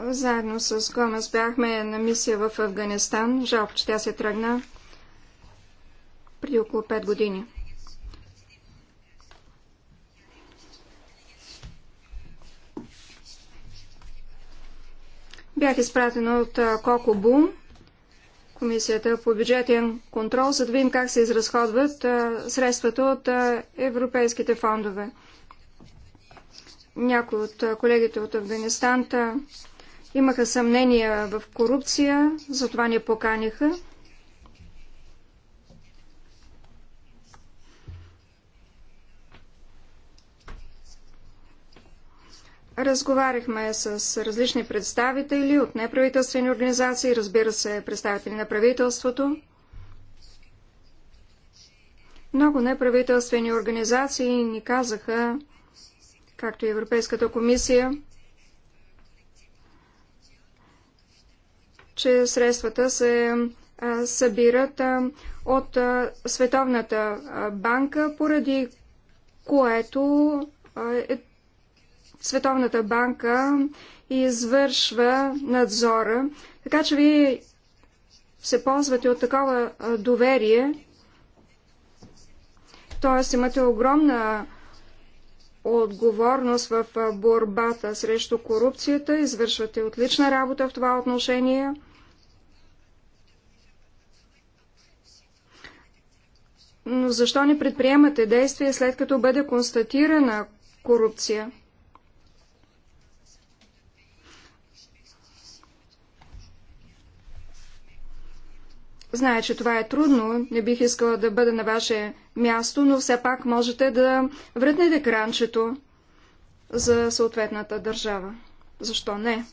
Заедно с Гомес бяхме на мисия в Афганистан. Жалко, че тя се тръгна преди около 5 години. Бях изпратена от Кокобу, Комисията по бюджетен контрол, за да видим как се изразходват средствата от европейските фондове. Някои от колегите от Афганистан Имаха съмнения в корупция, затова не поканиха. Разговаряхме с различни представители от неправителствени организации, разбира се, представители на правителството. Много неправителствени организации ни казаха, както и Европейската комисия, че средствата се събират от Световната банка, поради което е, Световната банка извършва надзора. Така че вие се ползвате от такова доверие, т.е. имате огромна отговорност в борбата срещу корупцията, извършвате отлична работа в това отношение – Но защо не предприемате действия след като бъде констатирана корупция? Зная, че това е трудно, не бих искала да бъда на ваше място, но все пак можете да вратнете кранчето за съответната държава. Защо не?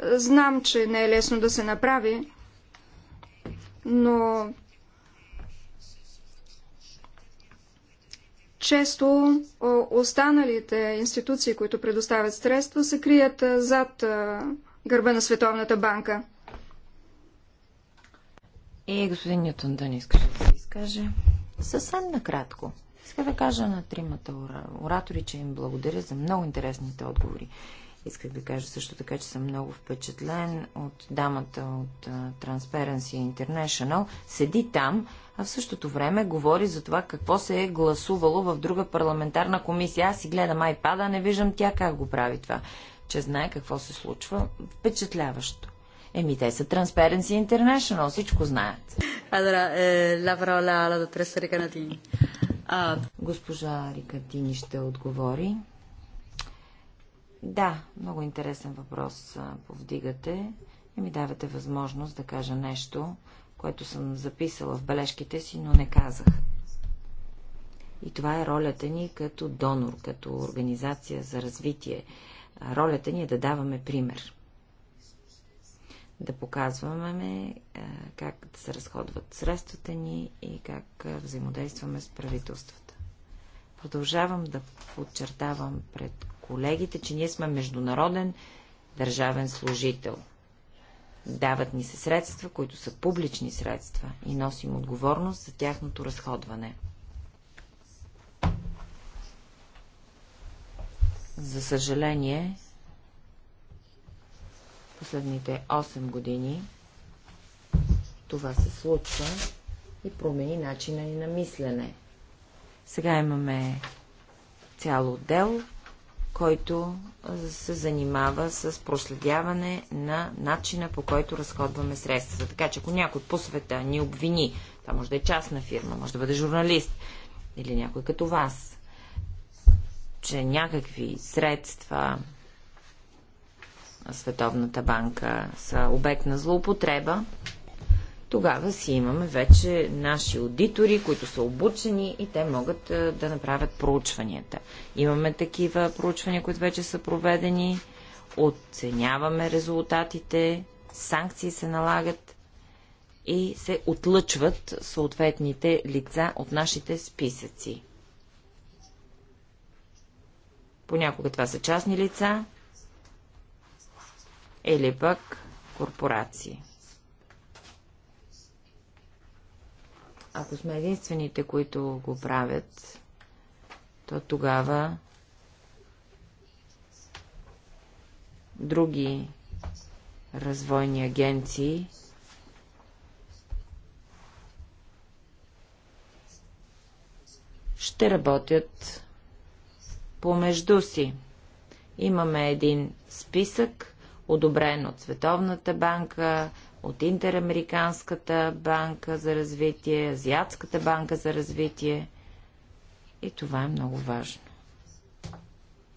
Знам, че не е лесно да се направи, но Често останалите институции, които предоставят средства, се крият зад гърба на Световната банка. И господин Нютон да не искаш да се изкаже. Съвсем накратко. Иска да кажа на тримата оратори, че им благодаря за много интересните отговори. Исках да кажа също така, че съм много впечатлен от дамата от Transparency International. Седи там, а в същото време говори за това какво се е гласувало в друга парламентарна комисия. Аз си гледам айпада, не виждам тя как го прави това. Че знае какво се случва. Впечатляващо. Еми, те са Transparency International, всичко знаят. Адра, eh, la parola alla dottoressa ah. Госпожа Рикатини ще отговори. Да, много интересен въпрос повдигате и ми давате възможност да кажа нещо, което съм записала в бележките си, но не казах. И това е ролята ни като донор, като организация за развитие. Ролята ни е да даваме пример. Да показваме как да се разходват средствата ни и как взаимодействаме с правителствата. Продължавам да подчертавам пред колегите, че ние сме международен държавен служител. Дават ни се средства, които са публични средства и носим отговорност за тяхното разходване. За съжаление, последните 8 години това се случва и промени начина ни на мислене. Сега имаме цяло отдел, който се занимава с проследяване на начина по който разходваме средствата. Така че ако някой по света ни обвини, това може да е частна фирма, може да бъде журналист или някой като вас, че някакви средства на Световната банка са обект на злоупотреба, тогава си имаме вече наши аудитори, които са обучени и те могат да направят проучванията. Имаме такива проучвания, които вече са проведени, оценяваме резултатите, санкции се налагат и се отлъчват съответните лица от нашите списъци. Понякога това са частни лица или пък корпорации. Ако сме единствените, които го правят, то тогава други развойни агенции ще работят помежду си. Имаме един списък, одобрен от Световната банка, от Интерамериканската банка за развитие, Азиатската банка за развитие. И това е много важно.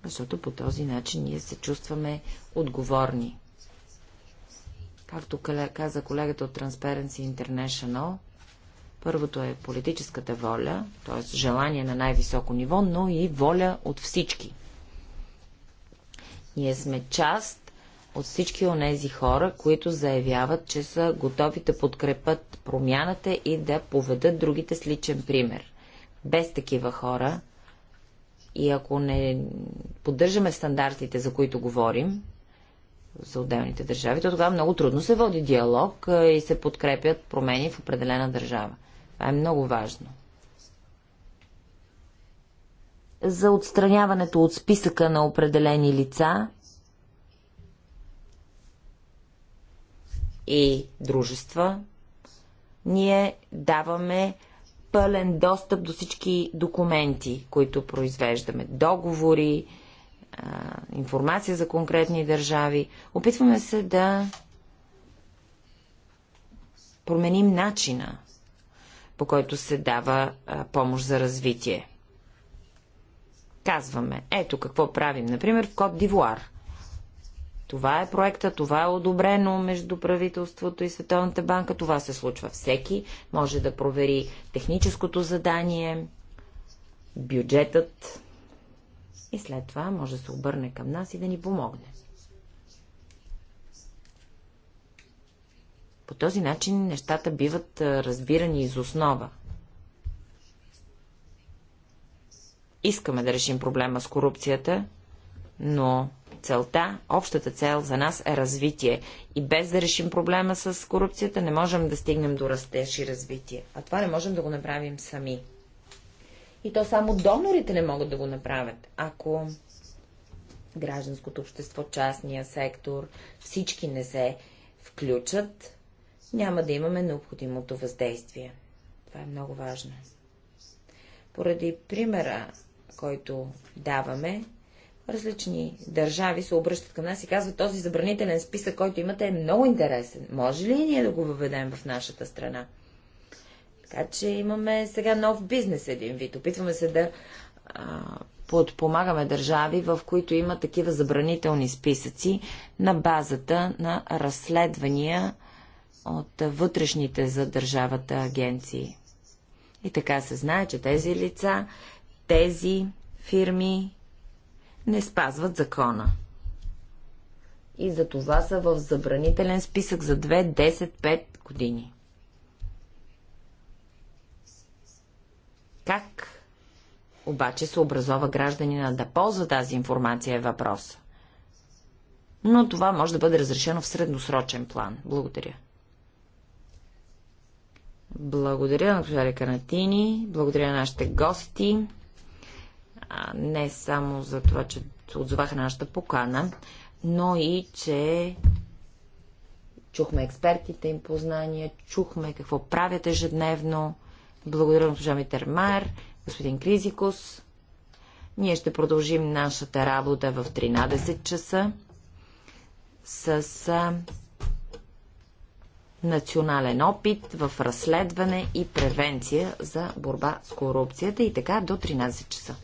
Защото по този начин ние се чувстваме отговорни. Както каза колегата от Transparency International, първото е политическата воля, т.е. желание на най-високо ниво, но и воля от всички. Ние сме част от всички онези хора, които заявяват, че са готови да подкрепят промяната и да поведат другите с личен пример. Без такива хора и ако не поддържаме стандартите, за които говорим, за отделните държави, то тогава много трудно се води диалог и се подкрепят промени в определена държава. Това е много важно. За отстраняването от списъка на определени лица и дружества, ние даваме пълен достъп до всички документи, които произвеждаме. Договори, информация за конкретни държави. Опитваме се да променим начина, по който се дава помощ за развитие. Казваме, ето какво правим, например, в Кот Дивуар – това е проекта, това е одобрено между правителството и Световната банка, това се случва всеки, може да провери техническото задание, бюджетът и след това може да се обърне към нас и да ни помогне. По този начин нещата биват разбирани из основа. Искаме да решим проблема с корупцията, но Целта, общата цел за нас е развитие. И без да решим проблема с корупцията, не можем да стигнем до растеж и развитие. А това не можем да го направим сами. И то само донорите не могат да го направят. Ако гражданското общество, частния сектор, всички не се включат, няма да имаме необходимото въздействие. Това е много важно. Поради примера, който даваме, различни държави се обръщат към нас и казват, този забранителен списък, който имате, е много интересен. Може ли ние да го въведем в нашата страна? Така че имаме сега нов бизнес един вид. Опитваме се да а, подпомагаме държави, в които има такива забранителни списъци на базата на разследвания от вътрешните за държавата агенции. И така се знае, че тези лица, тези фирми не спазват закона. И за това са в забранителен списък за 2, 10, 5 години. Как обаче се образова гражданина да ползва тази информация е въпрос. Но това може да бъде разрешено в средносрочен план. Благодаря. Благодаря на госпожа Канатини, благодаря на нашите гости а, не само за това, че отзоваха нашата покана, но и че чухме експертите им познания, чухме какво правят ежедневно. Благодаря на госпожа Митермар, господин Кризикус. Ние ще продължим нашата работа в 13 часа с национален опит в разследване и превенция за борба с корупцията и така до 13 часа.